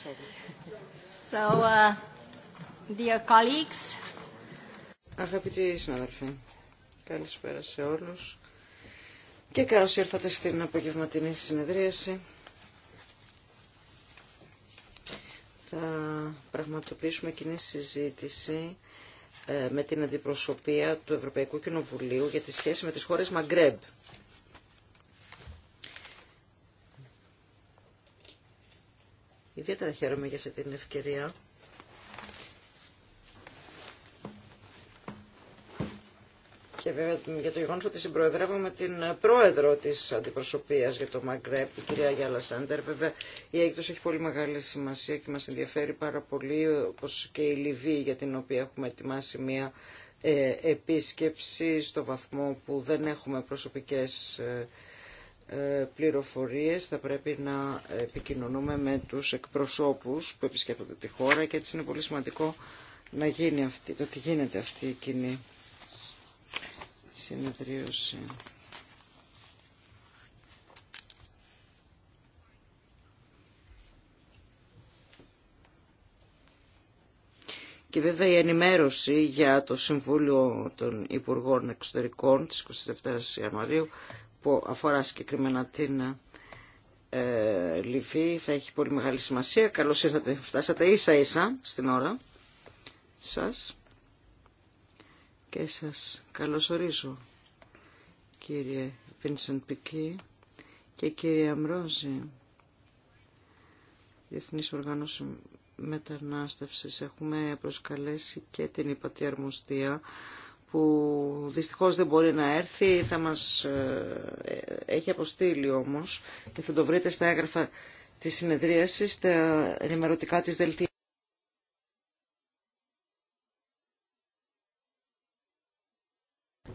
So, uh, Αγαπητοί συναδελφοί, καλησπέρα σε όλους και καλώς ήρθατε στην απογευματινή συνεδρίαση. Θα πραγματοποιήσουμε κοινή συζήτηση ε, με την αντιπροσωπεία του Ευρωπαϊκού Κοινοβουλίου για τη σχέση με τις χώρες Μαγκρέμπ. Ιδιαίτερα χαίρομαι για αυτή την ευκαιρία. Και βέβαια για το γεγονό ότι συμπροεδρεύω με την πρόεδρο τη αντιπροσωπεία για το Μαγκρέπ, την κυρία Γιάλα Σάντερ. Βέβαια η έκτο έχει πολύ μεγάλη σημασία και μα ενδιαφέρει πάρα πολύ, όπω και η Λιβύη, για την οποία έχουμε ετοιμάσει μία ε, επίσκεψη στο βαθμό που δεν έχουμε προσωπικές ε, ε, πληροφορίες θα πρέπει να επικοινωνούμε με τους εκπροσώπους που επισκέπτονται τη χώρα και έτσι είναι πολύ σημαντικό να γίνει αυτή, το τι γίνεται αυτή η κοινή συνεδρίωση. Και βέβαια η ενημέρωση για το Συμβούλιο των Υπουργών Εξωτερικών της 27 Ιανουαρίου που αφορά συγκεκριμένα την ε, Λιβύη θα έχει πολύ μεγάλη σημασία. Καλώς ήρθατε, φτάσατε ίσα ίσα στην ώρα σας και σας καλωσορίζω κύριε Βίνσεντ Πικί και κύριε Αμρόζη. Διεθνή Οργάνωση Μετανάστευσης έχουμε προσκαλέσει και την Υπατή που δυστυχώς δεν μπορεί να έρθει, θα μας ε, ε, έχει αποστείλει όμως και θα το βρείτε στα έγγραφα της συνεδρίασης, στα ενημερωτικά της Δελτία.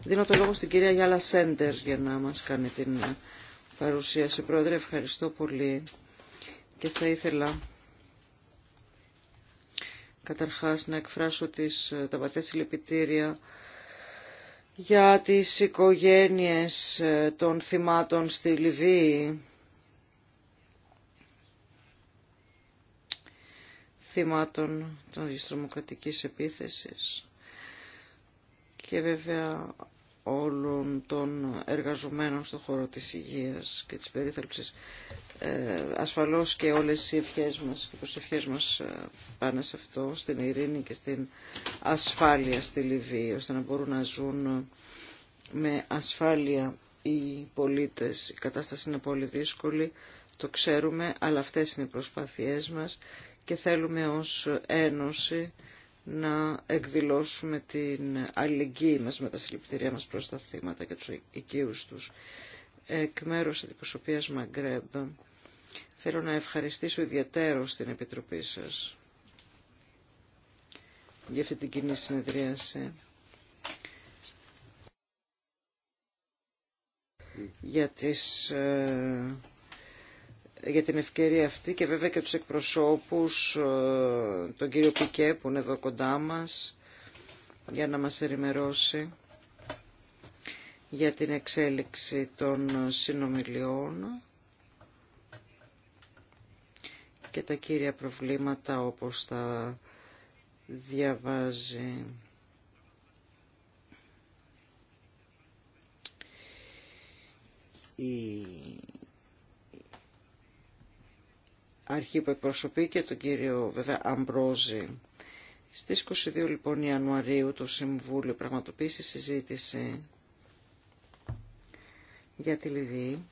Δίνω το λόγο στην κυρία Γιάλα Σέντερ για να μας κάνει την παρουσίαση. Πρόεδρε, ευχαριστώ πολύ και θα ήθελα καταρχάς να εκφράσω τις, ε, τα βαθές συλληπιτήρια για τις οικογένειες ε, των θυμάτων στη Λιβύη. θυμάτων των τρομοκρατικής επίθεσης και βέβαια όλων των εργαζομένων στον χώρο της υγείας και της περίθαλψης. Ε, ασφαλώς και όλες οι ευχές μας και προσευχές μας ε, πάνε σε αυτό, στην ειρήνη και στην ασφάλεια στη Λιβύη, ώστε να μπορούν να ζουν ε, με ασφάλεια οι πολίτες. Η κατάσταση είναι πολύ δύσκολη, το ξέρουμε, αλλά αυτές είναι οι προσπάθειές μας και θέλουμε ως Ένωση να εκδηλώσουμε την αλληλεγγύη μας με τα συλληπιτήριά μας προς τα θύματα και τους οικείους τους εκ μέρους της Μαγκρέμπ Θέλω να ευχαριστήσω ιδιαίτερως την Επιτροπή σας για αυτή την κοινή συνεδρίαση. Για, τις, ε, για την ευκαιρία αυτή και βέβαια και τους εκπροσώπους, ε, τον κύριο Πικέ που είναι εδώ κοντά μας, για να μας ενημερώσει για την εξέλιξη των συνομιλιών και τα κύρια προβλήματα όπως τα διαβάζει. Η αρχή που εκπροσωπεί και τον κύριο βέβαια Αμπρόζη. Στις 22 λοιπόν Ιανουαρίου το Συμβούλιο πραγματοποίησε συζήτηση για τη Λιβύη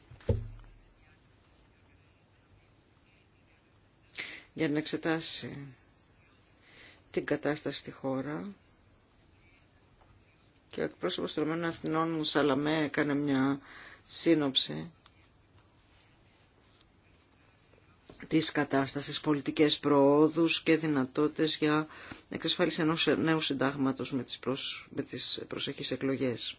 για να εξετάσει την κατάσταση στη χώρα και ο εκπρόσωπος των Αθηνών μου Σαλαμέ έκανε μια σύνοψη της κατάστασης, πολιτικές προόδους και δυνατότητες για εξασφάλιση ενός νέου συντάγματος με τις, προσ... με τις προσεχείς εκλογές.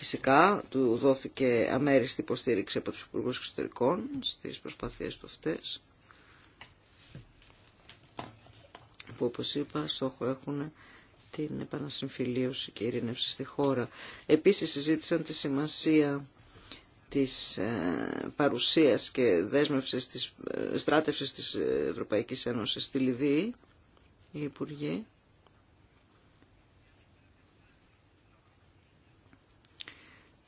Φυσικά, του δόθηκε αμέριστη υποστήριξη από τους Υπουργούς Εξωτερικών στις προσπάθειες του αυτές, που όπως είπα στόχο έχουν την επανασυμφιλίωση και ειρήνευση στη χώρα. Επίσης συζήτησαν τη σημασία της ε, παρουσίας και δέσμευσης της ε, στράτευσης της Ευρωπαϊκής Ένωσης στη Λιβύη, οι Υπουργοί.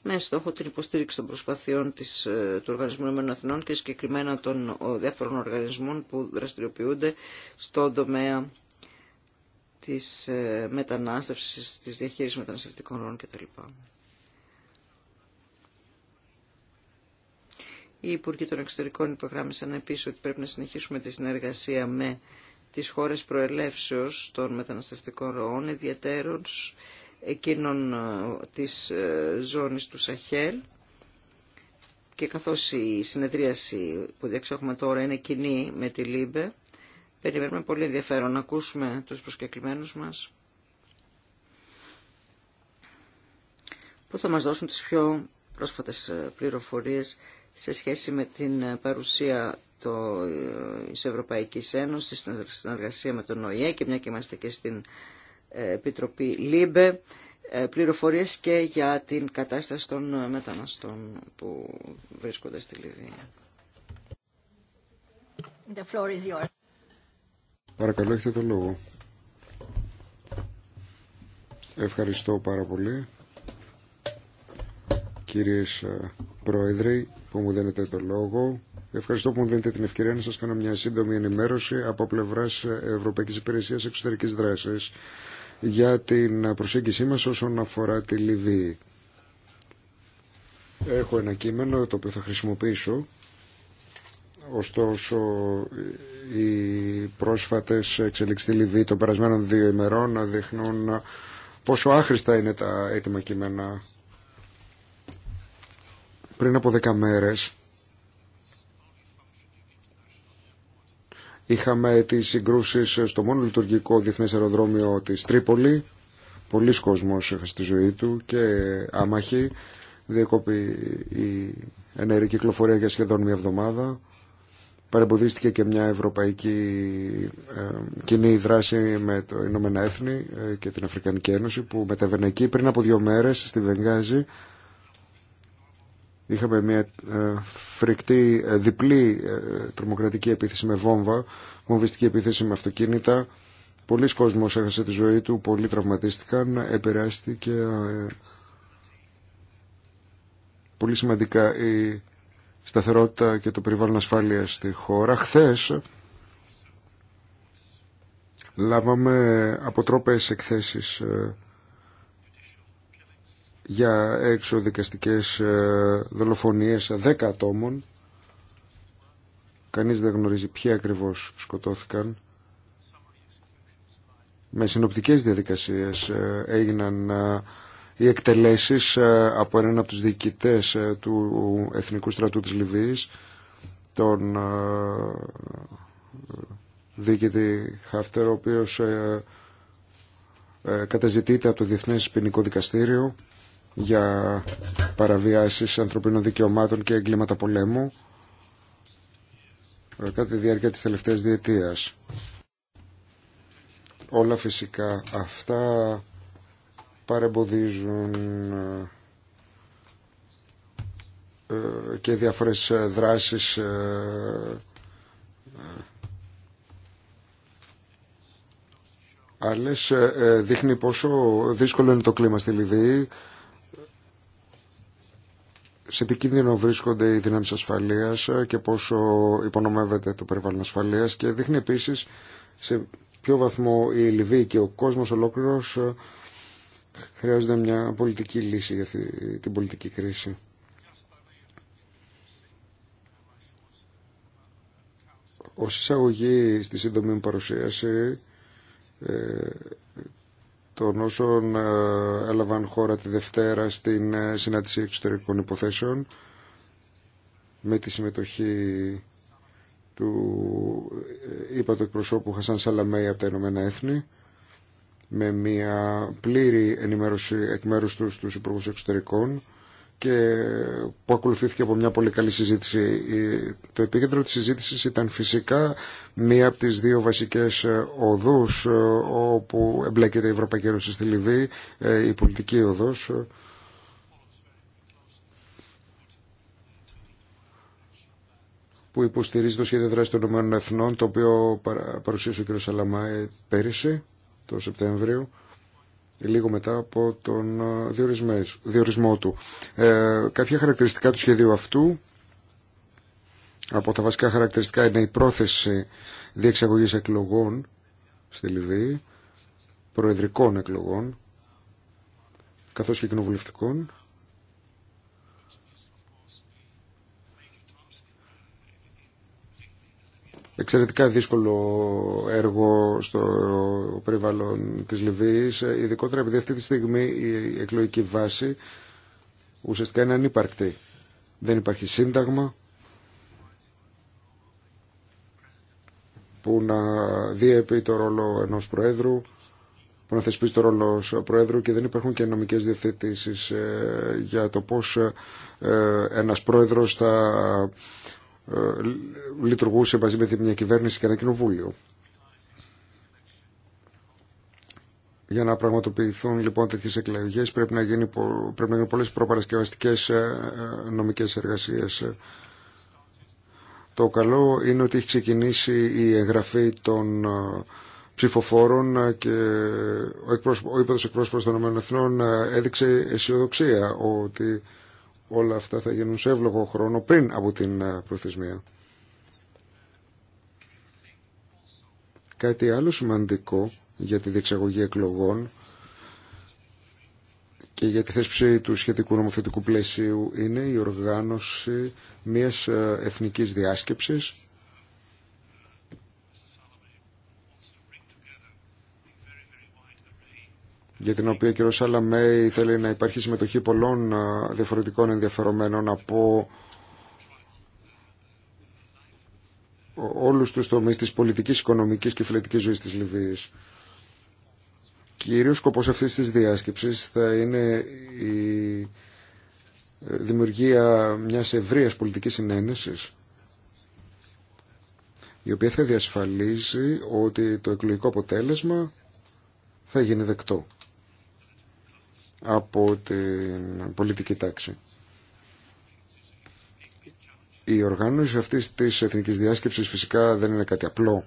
με στόχο την υποστήριξη των προσπαθειών της, ε, του Οργανισμού Εθνών και συγκεκριμένα των διάφορων οργανισμών που δραστηριοποιούνται στον τομέα της ε, μετανάστευσης, της διαχείρισης μεταναστευτικών ροών κτλ. Οι Υπουργοί των Εξωτερικών υπογράμμισαν επίσης ότι πρέπει να συνεχίσουμε τη συνεργασία με τις χώρες προελεύσεως των μεταναστευτικών ροών, ιδιαίτερως εκείνων ε, της ε, ζώνης του Σαχέλ και καθώς η συνεδρίαση που διεξέχουμε τώρα είναι κοινή με τη ΛΥΜΠΕ περιμένουμε πολύ ενδιαφέρον να ακούσουμε τους προσκεκλημένους μας που θα μας δώσουν τις πιο πρόσφατες ε, πληροφορίες σε σχέση με την παρουσία της Ευρωπαϊκής Ένωσης στην συνεργασία με τον ΟΗΕ και μια και είμαστε και στην Επιτροπή ΛΥΜΠΕ ε, πληροφορίες και για την κατάσταση των μεταναστών που βρίσκονται στη Λιβύη. Παρακαλώ, έχετε το λόγο. Ευχαριστώ πάρα πολύ. Κύριες ε, Πρόεδροι που μου δίνετε το λόγο. Ευχαριστώ που μου δίνετε την ευκαιρία να σας κάνω μια σύντομη ενημέρωση από πλευράς ε, Ευρωπαϊκής Υπηρεσίας Εξωτερικής Δράσης για την προσέγγισή μας όσον αφορά τη Λιβύη. Έχω ένα κείμενο το οποίο θα χρησιμοποιήσω. Ωστόσο, οι πρόσφατες εξελίξεις στη Λιβύη των περασμένων δύο ημερών δείχνουν πόσο άχρηστα είναι τα έτοιμα κείμενα. Πριν από δέκα μέρες, Είχαμε τι συγκρούσει στο μόνο λειτουργικό Διεθνέ αεροδρόμιο της Τρίπολη. Πολλοί κόσμος έχασαν τη ζωή του και άμαχοι. Διεκόπη η ενέργεια κυκλοφορία για σχεδόν μια εβδομάδα. Παρεμποδίστηκε και μια ευρωπαϊκή ε, κοινή δράση με το Ηνωμένα Έθνη ε, και την Αφρικανική Ένωση που μετέβαινε εκεί πριν από δύο μέρες στη Βενγάζη Είχαμε μια ε, φρικτή ε, διπλή ε, τρομοκρατική επίθεση με βόμβα, βομβιστική επίθεση με αυτοκίνητα. Πολλοί κόσμος έχασε τη ζωή του, πολλοί τραυματίστηκαν, επηρεάστηκε πολύ σημαντικά η σταθερότητα και το περιβάλλον ασφάλειας στη χώρα. Χθες λάβαμε αποτρόπες εκθέσεις για έξω δικαστικές ε, δολοφονίες 10 ατόμων. Κανείς δεν γνωρίζει ποιοι ακριβώς σκοτώθηκαν. Με συνοπτικές διαδικασίες ε, έγιναν ε, οι εκτελέσεις από έναν από τους διοικητές του Εθνικού Στρατού της Λιβύης, τον διοικητή Χάφτερ, ο οποίος καταζητείται από το Διεθνές Ποινικό Δικαστήριο για παραβιάσεις ανθρωπίνων δικαιωμάτων και εγκλήματα πολέμου ε, κατά τη διάρκεια της τελευταίας διετίας. Όλα φυσικά αυτά παρεμποδίζουν ε, ε, και διάφορες δράσεις άλλες δείχνει πόσο δύσκολο είναι το κλίμα στη Λιβύη σε τι κίνδυνο βρίσκονται οι δυνάμεις ασφαλείας ε, και πόσο υπονομεύεται το περιβάλλον ασφαλείας και δείχνει επίση σε ποιο βαθμό η Λιβύη και ο κόσμος ολόκληρος ε, χρειάζονται μια πολιτική λύση για αυτή την πολιτική κρίση. Ω εισαγωγή στη σύντομη μου παρουσίαση ε, των όσων ε, έλαβαν χώρα τη Δευτέρα στην ε, συνάντηση εξωτερικών υποθέσεων με τη συμμετοχή του ε, είπα το εκπροσώπου Χασάν Σαλαμέη από τα Ηνωμένα Έθνη με μια πλήρη ενημέρωση εκ μέρους τους στους Υπουργούς Εξωτερικών και που ακολουθήθηκε από μια πολύ καλή συζήτηση. Το επίκεντρο της συζήτησης ήταν φυσικά μία από τις δύο βασικές ε, οδούς ε, όπου εμπλέκεται η Ευρωπαϊκή Ένωση στη Λιβύη, ε, η πολιτική οδός. που υποστηρίζει το σχέδιο δράση των ΗΕ, το οποίο παρουσίασε ο κ. Σαλαμάη πέρυσι, το Σεπτέμβριο λίγο μετά από τον ε, διορισμό του. Ε, κάποια χαρακτηριστικά του σχεδίου αυτού, από τα βασικά χαρακτηριστικά είναι η πρόθεση διεξαγωγής εκλογών στη Λιβύη, προεδρικών εκλογών, καθώς και κοινοβουλευτικών, εξαιρετικά δύσκολο έργο στο περιβάλλον της Λιβύης, ειδικότερα επειδή αυτή τη στιγμή η εκλογική βάση ουσιαστικά είναι ανύπαρκτη. Δεν υπάρχει σύνταγμα που να διέπει το ρόλο ενός Προέδρου, που να θεσπίσει το ρόλο Προέδρου και δεν υπάρχουν και νομικές διευθετήσεις ε, για το πώς ε, ε, ένας Πρόεδρος θα ε, λειτουργούσε μαζί με μια κυβέρνηση και ένα κοινοβούλιο. Για να πραγματοποιηθούν λοιπόν τέτοιε εκλογέ πρέπει να γίνουν γίνει πολλέ προπαρασκευαστικέ ε, ε, νομικέ εργασίε. Το καλό είναι ότι έχει ξεκινήσει η εγγραφή των ψηφοφόρων και ο, ο εκπρόσωπος των ΗΕ έδειξε αισιοδοξία ότι όλα αυτά θα γίνουν σε εύλογο χρόνο πριν από την ε, προθεσμία. Κάτι άλλο σημαντικό για τη διεξαγωγή εκλογών και για τη θέσπιση του σχετικού νομοθετικού πλαισίου είναι η οργάνωση μιας ε, εθνικής διάσκεψης για την οποία ο κ. θέλει να υπάρχει συμμετοχή πολλών διαφορετικών ενδιαφερομένων από όλους τους τομείς της πολιτικής, οικονομικής και φιλετικής ζωής της Λιβύης. Κύριος σκοπός αυτής της διάσκεψης θα είναι η ε, δημιουργία μιας ευρείας πολιτικής συνένεσης η οποία θα διασφαλίζει ότι το εκλογικό αποτέλεσμα θα γίνει δεκτό από την πολιτική τάξη. Η οργάνωση αυτής της εθνικής διάσκεψης φυσικά δεν είναι κάτι απλό.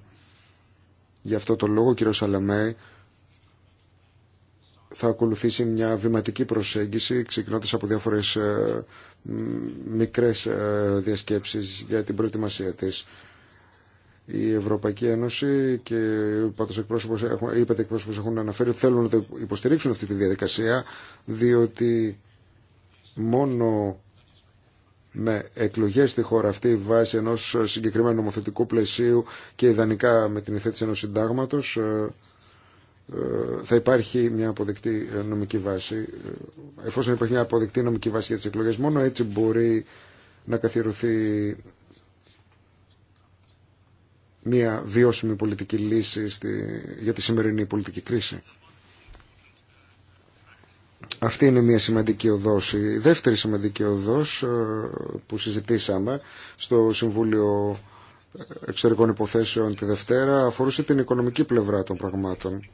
Γι' αυτό το λόγο, κύριο Σαλαμέ, θα ακολουθήσει μια βηματική προσέγγιση, ξεκινώντας από διάφορες ε, μικρές ε, διασκέψεις για την προετοιμασία της η Ευρωπαϊκή Ένωση και οι εκπρόσωπος, είπατε εκπρόσωπος έχουν αναφέρει ότι θέλουν να υποστηρίξουν αυτή τη διαδικασία διότι μόνο με εκλογές στη χώρα αυτή βάσει ενός συγκεκριμένου νομοθετικού πλαισίου και ιδανικά με την υθέτηση ενός συντάγματος ε, ε, θα υπάρχει μια αποδεκτή νομική βάση. Ε, εφόσον υπάρχει μια αποδεκτή νομική βάση για τις εκλογές μόνο έτσι μπορεί να καθιερωθεί μια βιώσιμη πολιτική λύση στη, για τη σημερινή πολιτική κρίση. Αυτή είναι μια σημαντική οδός. Η δεύτερη σημαντική οδός ε, που συζητήσαμε στο Συμβούλιο Εξωτερικών Υποθέσεων τη Δευτέρα αφορούσε την οικονομική πλευρά των πραγμάτων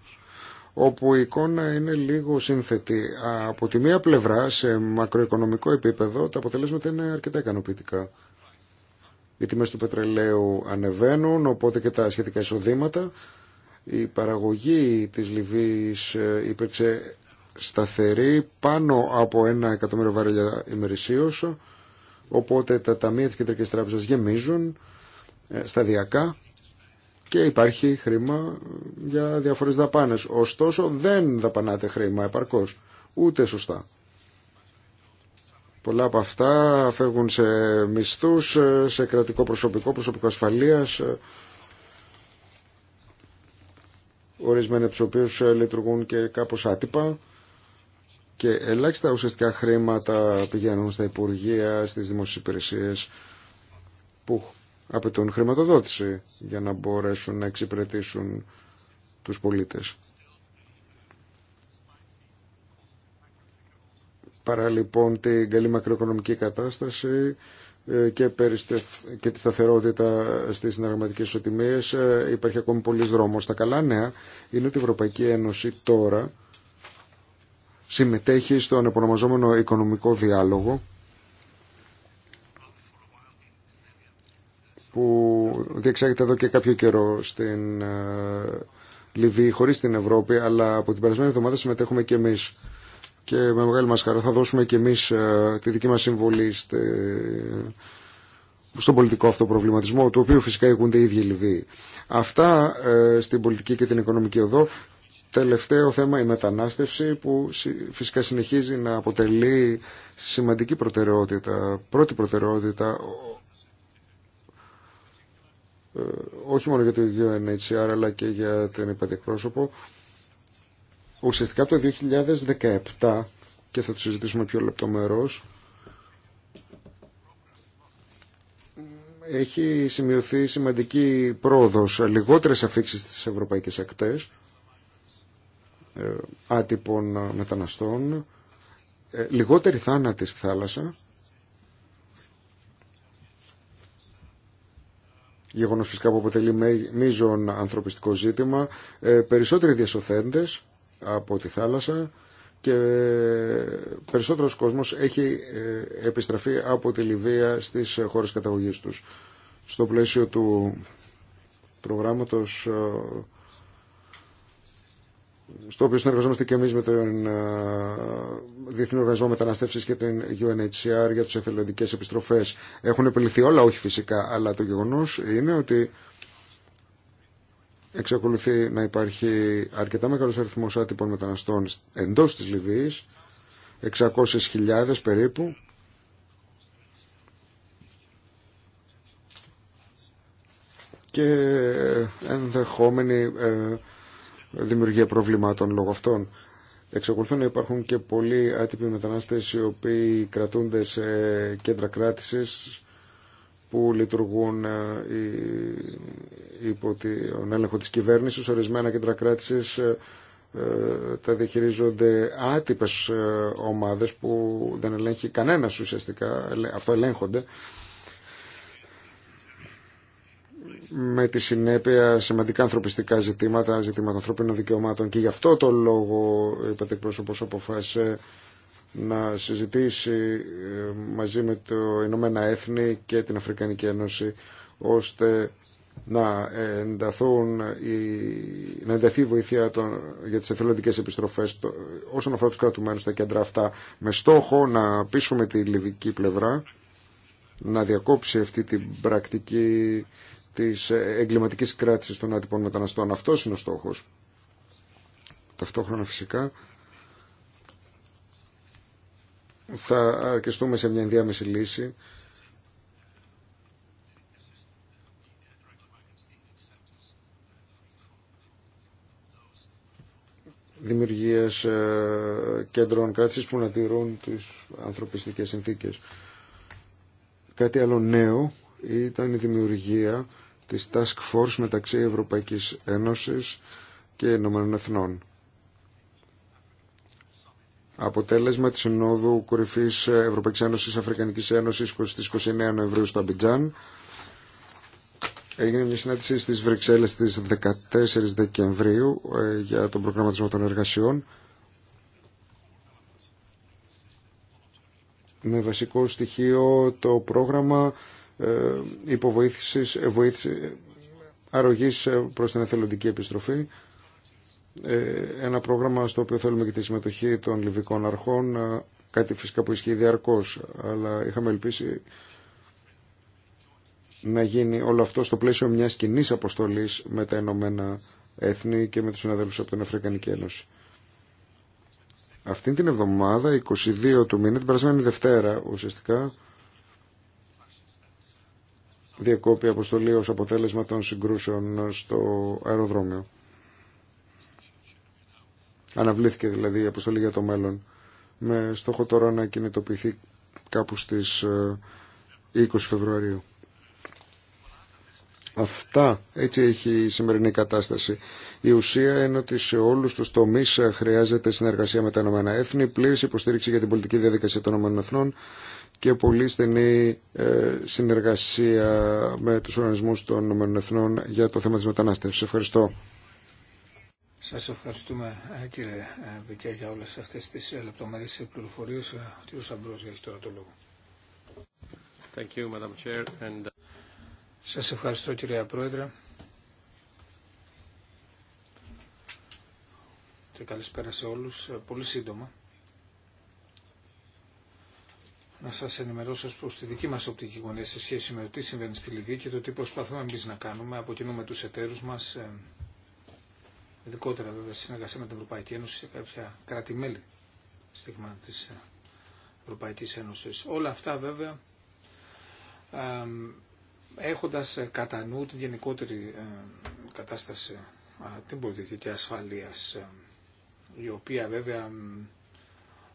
όπου η εικόνα είναι λίγο σύνθετη. Από τη μία πλευρά, σε μακροοικονομικό επίπεδο, τα αποτελέσματα είναι αρκετά ικανοποιητικά. Οι τιμές του πετρελαίου ανεβαίνουν, οπότε και τα σχετικά εισοδήματα. Η παραγωγή της Λιβύης ε, υπήρξε σταθερή πάνω από ένα εκατομμύριο βαρέλια ημερησίως, οπότε τα ταμεία της Κεντρικής Τράπεζας γεμίζουν ε, σταδιακά και υπάρχει χρήμα για διάφορες δαπάνες. Ωστόσο δεν δαπανάται χρήμα επαρκώς, ούτε σωστά. Πολλά από αυτά φεύγουν σε μισθούς, σε κρατικό προσωπικό, προσωπικό ασφαλείας, ε, ορισμένοι από τους οποίους ε, λειτουργούν και κάπως άτυπα και ελάχιστα ουσιαστικά χρήματα πηγαίνουν στα Υπουργεία, στις δημόσιες που απαιτούν χρηματοδότηση για να μπορέσουν να εξυπηρετήσουν τους πολίτες. Παρά λοιπόν την καλή μακροοικονομική κατάσταση ε, και, και τη σταθερότητα στις συνταγματικές ισοτιμίες ε, υπάρχει ακόμη πολλής δρόμος. Τα καλά νέα είναι ότι η Ευρωπαϊκή Ένωση τώρα συμμετέχει στον επωνομαζόμενο οικονομικό διάλογο που διεξάγεται εδώ και κάποιο καιρό στην ε, Λιβύη, χωρίς την Ευρώπη, αλλά από την περασμένη εβδομάδα συμμετέχουμε και εμείς και με μεγάλη μας χαρά θα δώσουμε και εμείς ε, τη δική μας συμβολή στον πολιτικό αυτό προβληματισμό, του οποίου φυσικά έχουν οι ίδιοι Λιβύοι. Αυτά ε, στην πολιτική και την οικονομική οδό. Τελευταίο θέμα η μετανάστευση που φυσικά συνεχίζει να αποτελεί σημαντική προτεραιότητα, πρώτη προτεραιότητα ε, όχι μόνο για το UNHCR αλλά και για τον πρόσωπο Ουσιαστικά το 2017, και θα το συζητήσουμε πιο λεπτομερώς, έχει σημειωθεί σημαντική πρόοδος, λιγότερες αφήξεις στις ευρωπαϊκές ακτές, ε, άτυπων μεταναστών, ε, λιγότερη θάνατη στη θάλασσα, γεγονός φυσικά που αποτελεί μείζον ανθρωπιστικό ζήτημα, ε, περισσότεροι διασωθέντες, από τη θάλασσα και περισσότερος κόσμος έχει ε, επιστραφεί από τη Λιβύα στις χώρες καταγωγής τους. Στο πλαίσιο του προγράμματος ε, στο οποίο συνεργαζόμαστε και εμείς με τον ε, Διεθνή Οργανισμό Μεταναστευση και την UNHCR για τις εθελοντικές επιστροφές. Έχουν επιληθεί όλα, όχι φυσικά, αλλά το γεγονός είναι ότι εξακολουθεί να υπάρχει αρκετά μεγάλος αριθμός άτυπων μεταναστών εντός της Λιβύης, 600.000 περίπου. και ενδεχόμενη ε, δημιουργία προβλημάτων λόγω αυτών. Εξακολουθούν να υπάρχουν και πολλοί άτυποι μετανάστες οι οποίοι κρατούνται σε κέντρα κράτησης που λειτουργούν ε, υπό τον έλεγχο της κυβέρνησης. Ορισμένα κέντρα κράτηση ε, ε, τα διαχειρίζονται άτυπες ομάδες που δεν ελέγχει κανένας ουσιαστικά, αυτό ελέγχονται με τη συνέπεια σημαντικά ανθρωπιστικά ζητήματα, ζητήματα ανθρώπινων δικαιωμάτων και γι' αυτό το λόγο είπατε εκπρόσωπος αποφάσισε να συζητήσει ε, μαζί με το Ηνωμένα Έθνη και την Αφρικανική Ένωση ώστε να, ενταθούν να ενταθεί η βοήθεια για τις εθελοντικές επιστροφές όσον αφορά τους κρατουμένους στα κέντρα αυτά με στόχο να πείσουμε τη λιβική πλευρά να διακόψει αυτή την πρακτική της εγκληματικής κράτησης των άτυπων μεταναστών. Αυτός είναι ο στόχος. Ταυτόχρονα φυσικά θα αρκεστούμε σε μια ενδιάμεση λύση. δημιουργίας ε, κέντρων κράτησης που να τηρούν τις ανθρωπιστικές συνθήκες. Κάτι άλλο νέο ήταν η δημιουργία της Task Force μεταξύ Ευρωπαϊκής Ένωσης και Ηνωμένων Εθνών αποτέλεσμα της Συνόδου Κορυφής Ευρωπαϊκής Ένωσης Αφρικανικής Ένωσης 29 Νοεμβρίου στο Αμπιτζάν. Έγινε μια συνάντηση στις Βρυξέλλες στις 14 Δεκεμβρίου ε, για τον προγραμματισμό των εργασιών. Με βασικό στοιχείο το πρόγραμμα ε, υποβοήθησης, ε, βοήθηση, αρρωγής προς την εθελοντική επιστροφή ε, ένα πρόγραμμα στο οποίο θέλουμε και τη συμμετοχή των λιβικών αρχών, ε, κάτι φυσικά που ισχύει διαρκώς, αλλά είχαμε ελπίσει να γίνει όλο αυτό στο πλαίσιο μιας κοινή αποστολής με τα Ηνωμένα Έθνη και με τους συναδέλφους από την Αφρικανική Ένωση. Αυτή την εβδομάδα, 22 του μήνα, την περασμένη Δευτέρα ουσιαστικά, διακόπη αποστολή ως αποτέλεσμα των συγκρούσεων στο αεροδρόμιο. Αναβλήθηκε δηλαδή η αποστολή για το μέλλον με στόχο τώρα να κινητοποιηθεί κάπου στις 20 ε, Φεβρουαρίου. Αυτά, έτσι έχει η σημερινή κατάσταση. Η ουσία είναι ότι σε όλους τους τομείς ε, χρειάζεται συνεργασία με τα Ηνωμένα Έθνη, πλήρης υποστήριξη για την πολιτική διαδικασία των Ηνωμένων Εθνών και πολύ στενή ε, συνεργασία με τους οργανισμούς των Ηνωμένων Εθνών για το θέμα της μετανάστευσης. Ευχαριστώ. Σας ευχαριστούμε ε, κύριε Βικέ ε, για όλες αυτές τις ε, λεπτομερείς πληροφορίες. Ο κύριος Αμπρός έχει τώρα το λόγο. Thank uh, Σας ευχαριστώ κύριε Πρόεδρε. Και καλησπέρα σε όλους. Πολύ σύντομα. Να σας ενημερώσω ως προς τη δική μας οπτική γωνία σε σχέση με το τι συμβαίνει στη Λιβύη και το τι προσπαθούμε εμείς να κάνουμε Αποκινούμε τους εταίρους μας ειδικότερα βέβαια συνεργασία με την Ευρωπαϊκή Ένωση και κάποια κράτη-μέλη στιγμά της ε, Ευρωπαϊκής Ένωσης. Όλα αυτά βέβαια έχοντας ε, κατά νου την γενικότερη ε, κατάσταση την πολιτική ασφαλείας η οποία βέβαια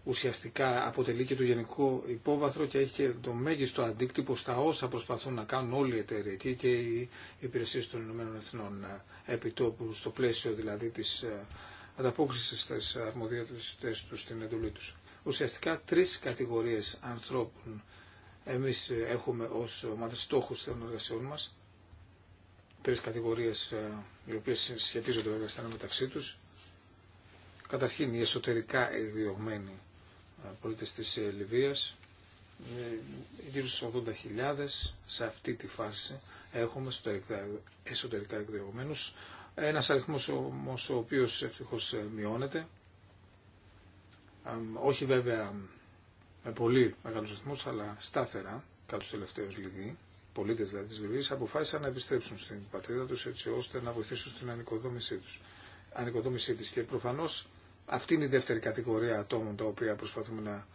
ουσιαστικά αποτελεί και το γενικό υπόβαθρο και έχει και το μέγιστο αντίκτυπο στα όσα προσπαθούν να κάνουν όλοι οι εταιρείε εκεί και οι υπηρεσίε των Ηνωμένων ε, επί τόπου στο πλαίσιο δηλαδή της ε, ανταπόκρισης στις αρμοδιότητες του στην εντολή τους. Ουσιαστικά τρεις κατηγορίες ανθρώπων εμείς ε, έχουμε ως ομάδες στόχους των εργασιών μας. Τρεις κατηγορίες οι οποίες σχετίζονται βέβαια στενά μεταξύ τους. Καταρχήν οι εσωτερικά ιδιωγμένοι ε, πολίτες της ε, Λιβύας, ε, γύρω στους 80.000 σε αυτή τη φάση έχουμε εσωτερικά, εσωτερικά εκδιωγμένους. Ένας αριθμός όμως ο οποίος ευτυχώς μειώνεται. Όχι βέβαια με πολύ μεγάλους αριθμούς αλλά στάθερα κάτω στους τελευταίους Λιβύοι πολίτες δηλαδή της Λιβύης αποφάσισαν να επιστρέψουν στην πατρίδα τους έτσι ώστε να βοηθήσουν στην ανοικοδόμησή τους. Ανοικοδόμησή της και προφανώς αυτή είναι η δεύτερη κατηγορία ατόμων τα οποία προσπαθούμε να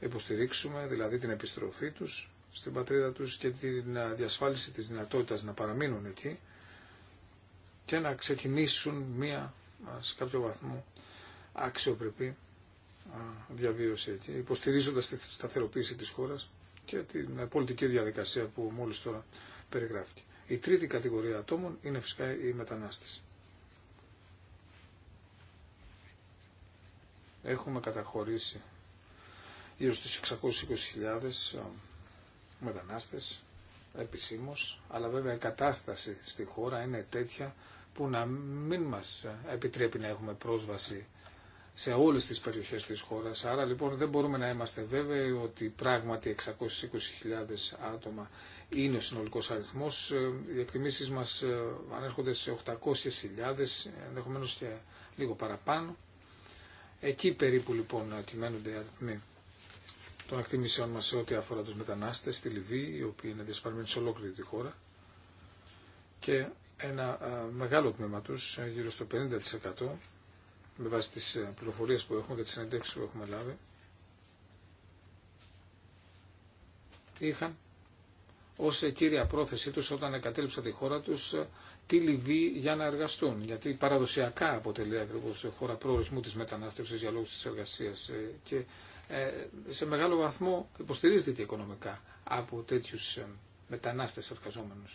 υποστηρίξουμε, δηλαδή την επιστροφή τους στην πατρίδα τους και την ε, διασφάλιση της δυνατότητας να παραμείνουν εκεί και να ξεκινήσουν μία ε, σε κάποιο βαθμό αξιοπρεπή ε, διαβίωση εκεί, υποστηρίζοντας τη σταθεροποίηση της χώρας και την πολιτική διαδικασία που μόλις τώρα περιγράφηκε. Η τρίτη κατηγορία ατόμων είναι φυσικά οι μετανάστες. έχουμε καταχωρήσει γύρω στους 620.000 ε, μετανάστες επισήμως, αλλά βέβαια η κατάσταση στη χώρα είναι τέτοια που να μην μας επιτρέπει να έχουμε πρόσβαση σε όλες τις περιοχές της χώρας. Άρα λοιπόν δεν μπορούμε να είμαστε βέβαιοι ότι πράγματι 620.000 άτομα είναι ο συνολικός αριθμός. Ε, οι εκτιμήσεις μας ε, ανέρχονται σε 800.000, ενδεχομένως και λίγο παραπάνω. Εκεί περίπου λοιπόν κυμαίνονται οι αριθμοί των εκτιμήσεών μας σε ό,τι αφορά τους μετανάστες στη Λιβύη, οι οποίοι είναι διασπαρμένοι σε ολόκληρη τη χώρα και ένα μεγάλο τμήμα τους, ε, γύρω στο 50% με βάση τις ε, πληροφορίες που έχουμε και τις συνεντεύξεις που έχουμε λάβει, είχαν ως κύρια πρόθεσή τους όταν εγκατέλειψαν τη χώρα τους ε, τη Λιβύη για να εργαστούν. Γιατί παραδοσιακά αποτελεί ακριβώ χώρα προορισμού τη μετανάστευση για λόγου τη εργασία ε, και ε, σε μεγάλο βαθμό υποστηρίζεται και οικονομικά από τέτοιου ε, μετανάστε εργαζόμενου.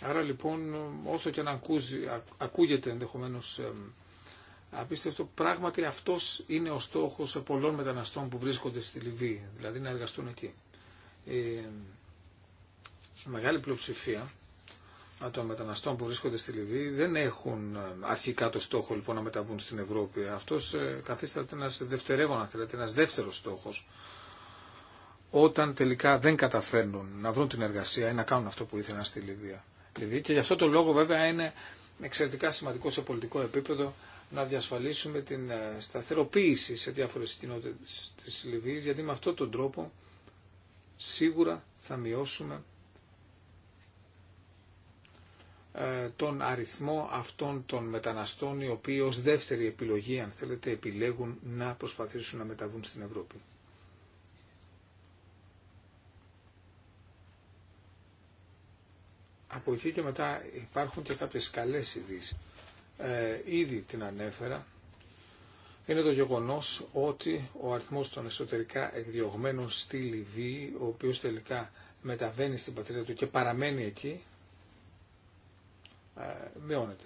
Άρα λοιπόν, όσο και να ακούγεται ενδεχομένω απίστευτο, πράγματι αυτό είναι ο στόχο πολλών μεταναστών που βρίσκονται στη Λιβύη, δηλαδή να εργαστούν εκεί. Η μεγάλη πλειοψηφία των μεταναστών που βρίσκονται στη Λιβύη δεν έχουν ε, αρχικά το στόχο λοιπόν να μεταβούν στην Ευρώπη. Αυτός ε, καθίσταται ένας δευτερεύον, αν θέλετε, ένας δεύτερος στόχος όταν τελικά δεν καταφέρνουν να βρουν την εργασία ή να κάνουν αυτό που ήθελαν στη Λιβύη. Και γι' αυτό το λόγο βέβαια είναι εξαιρετικά σημαντικό σε πολιτικό επίπεδο να διασφαλίσουμε την ε, σταθεροποίηση σε διάφορες κοινότητες της Λιβύης γιατί με αυτόν τον τρόπο σίγουρα θα μειώσουμε ε, τον αριθμό αυτών των μεταναστών οι οποίοι ως δεύτερη επιλογή αν θέλετε επιλέγουν να προσπαθήσουν να μεταβούν στην Ευρώπη. Από εκεί και μετά υπάρχουν και κάποιες καλές ειδήσει. Ε, ήδη την ανέφερα. Είναι το γεγονός ότι ο αριθμός των εσωτερικά εκδιωγμένων στη Λιβύη, ο οποίος τελικά μεταβαίνει στην πατρίδα του και παραμένει εκεί, ε, μειώνεται.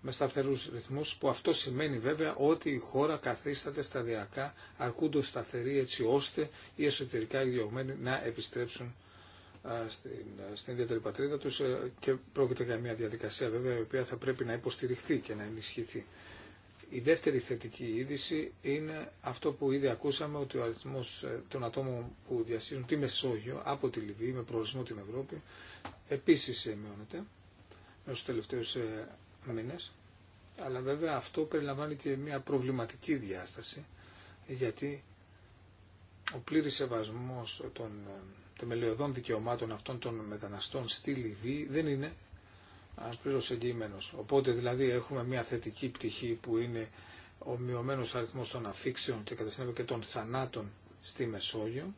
Με σταθερούς ρυθμούς που αυτό σημαίνει βέβαια ότι η χώρα καθίσταται σταδιακά αρκούντο σταθερή έτσι ώστε οι εσωτερικά ιδιωμένοι να επιστρέψουν ε, στην, ε, στην ιδιαίτερη πατρίδα τους και πρόκειται για μια διαδικασία βέβαια η οποία θα πρέπει να υποστηριχθεί και να ενισχυθεί. Η δεύτερη θετική είδηση είναι αυτό που ήδη ακούσαμε ότι ο αριθμός των ατόμων που διασύρουν τη Μεσόγειο από τη Λιβύη με προορισμό την Ευρώπη επίσης μειώνεται στους τελευταίους ε, μήνες. Αλλά βέβαια αυτό περιλαμβάνει και μια προβληματική διάσταση γιατί ο πλήρης σεβασμός των ε, τεμελιωδών δικαιωμάτων αυτών των μεταναστών στη Λιβύη δεν είναι πλήρως εγγυημένος. Οπότε δηλαδή έχουμε μια θετική πτυχή που είναι ο μειωμένος αριθμός των αφήξεων και κατά συνέπεια και των θανάτων στη Μεσόγειο,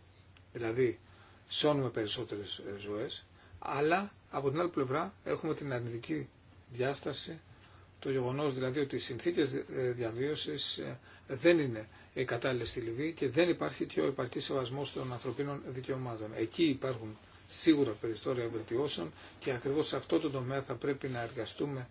δηλαδή σώνουμε περισσότερες ε, ζωές αλλά από την άλλη πλευρά έχουμε την αρνητική διάσταση, το γεγονός δηλαδή ότι οι συνθήκες ε, διαβίωσης ε, δεν είναι κατάλληλε στη Λιβύη και δεν υπάρχει και ο υπαρκή σεβασμό των ανθρωπίνων δικαιωμάτων. Εκεί υπάρχουν σίγουρα περιθώρια βελτιώσεων και ακριβώ σε αυτό το τομέα θα πρέπει να εργαστούμε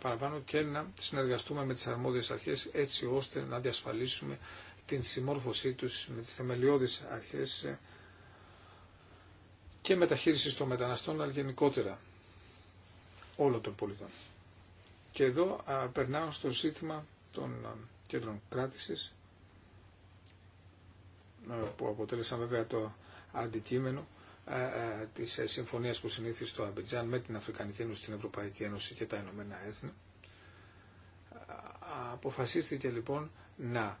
παραπάνω και να συνεργαστούμε με τι αρμόδιε αρχέ έτσι ώστε να διασφαλίσουμε την συμμόρφωσή τους με τι θεμελιώδει αρχέ ε, και μεταχείριση των μεταναστών, αλλά γενικότερα όλων των πολιτών. Και εδώ περνάω στο ζήτημα των α, κέντρων κράτησης, ε, που αποτέλεσαν βέβαια το αντικείμενο α, ε, ε, της συμφωνίας που συνήθισε το Αμπιτζάν με την Αφρικανική Ένωση, την Ευρωπαϊκή Ένωση και τα Ηνωμένα Έθνη. Αποφασίστηκε λοιπόν να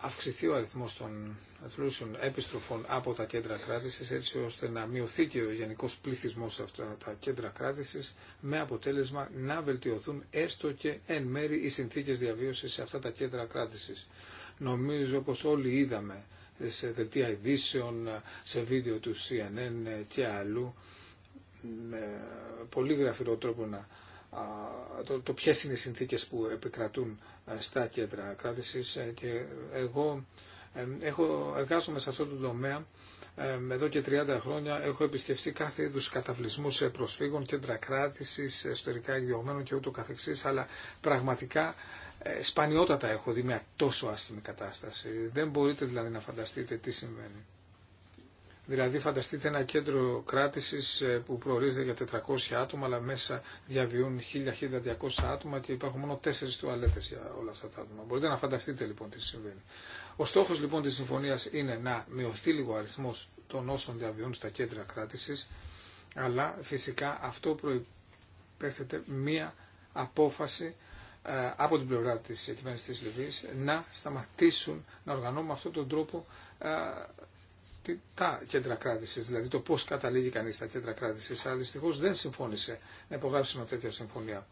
αυξηθεί ο αριθμός των πλούσιων επιστροφών από τα κέντρα κράτησης έτσι ώστε να μειωθεί και ο γενικός πληθυσμός σε αυτά τα κέντρα κράτησης με αποτέλεσμα να βελτιωθούν έστω και εν μέρη οι συνθήκες διαβίωσης σε αυτά τα κέντρα κράτησης. Νομίζω πως όλοι είδαμε σε δελτία ειδήσεων, σε βίντεο του CNN και αλλού με πολύ γραφειρό τρόπο να το, το ποιες είναι οι συνθήκες που επικρατούν ε, στα κέντρα κράτησης ε, και εγώ ε, έχω, εργάζομαι σε αυτό το τομέα εδώ και 30 χρόνια έχω επισκεφτεί κάθε είδου καταβλισμού προσφύγων, κέντρα κράτηση, εσωτερικά εκδιωγμένων και ούτω καθεξής, αλλά πραγματικά σπανιότατα έχω δει μια τόσο άσχημη κατάσταση. Δεν μπορείτε δηλαδή να φανταστείτε τι συμβαίνει. Δηλαδή φανταστείτε ένα κέντρο κράτησης ε, που προορίζεται για 400 άτομα αλλά μέσα διαβιούν 1000-1200 άτομα και υπάρχουν μόνο τέσσερις τουαλέτες για όλα αυτά τα άτομα. Μπορείτε να φανταστείτε λοιπόν τι συμβαίνει. Ο στόχος λοιπόν της συμφωνίας είναι να μειωθεί λίγο ο αριθμός των όσων διαβιούν στα κέντρα κράτησης αλλά φυσικά αυτό προϋπέθεται μία απόφαση ε, από την πλευρά της κυβέρνησης της Λιβύης να σταματήσουν να οργανώνουν με αυτόν τον τρόπο ε, τα κέντρα κράτηση, δηλαδή το πώ καταλήγει κανεί στα κέντρα κράτηση. Αλλά δυστυχώ δεν συμφώνησε να υπογράψει με τέτοια συμφωνία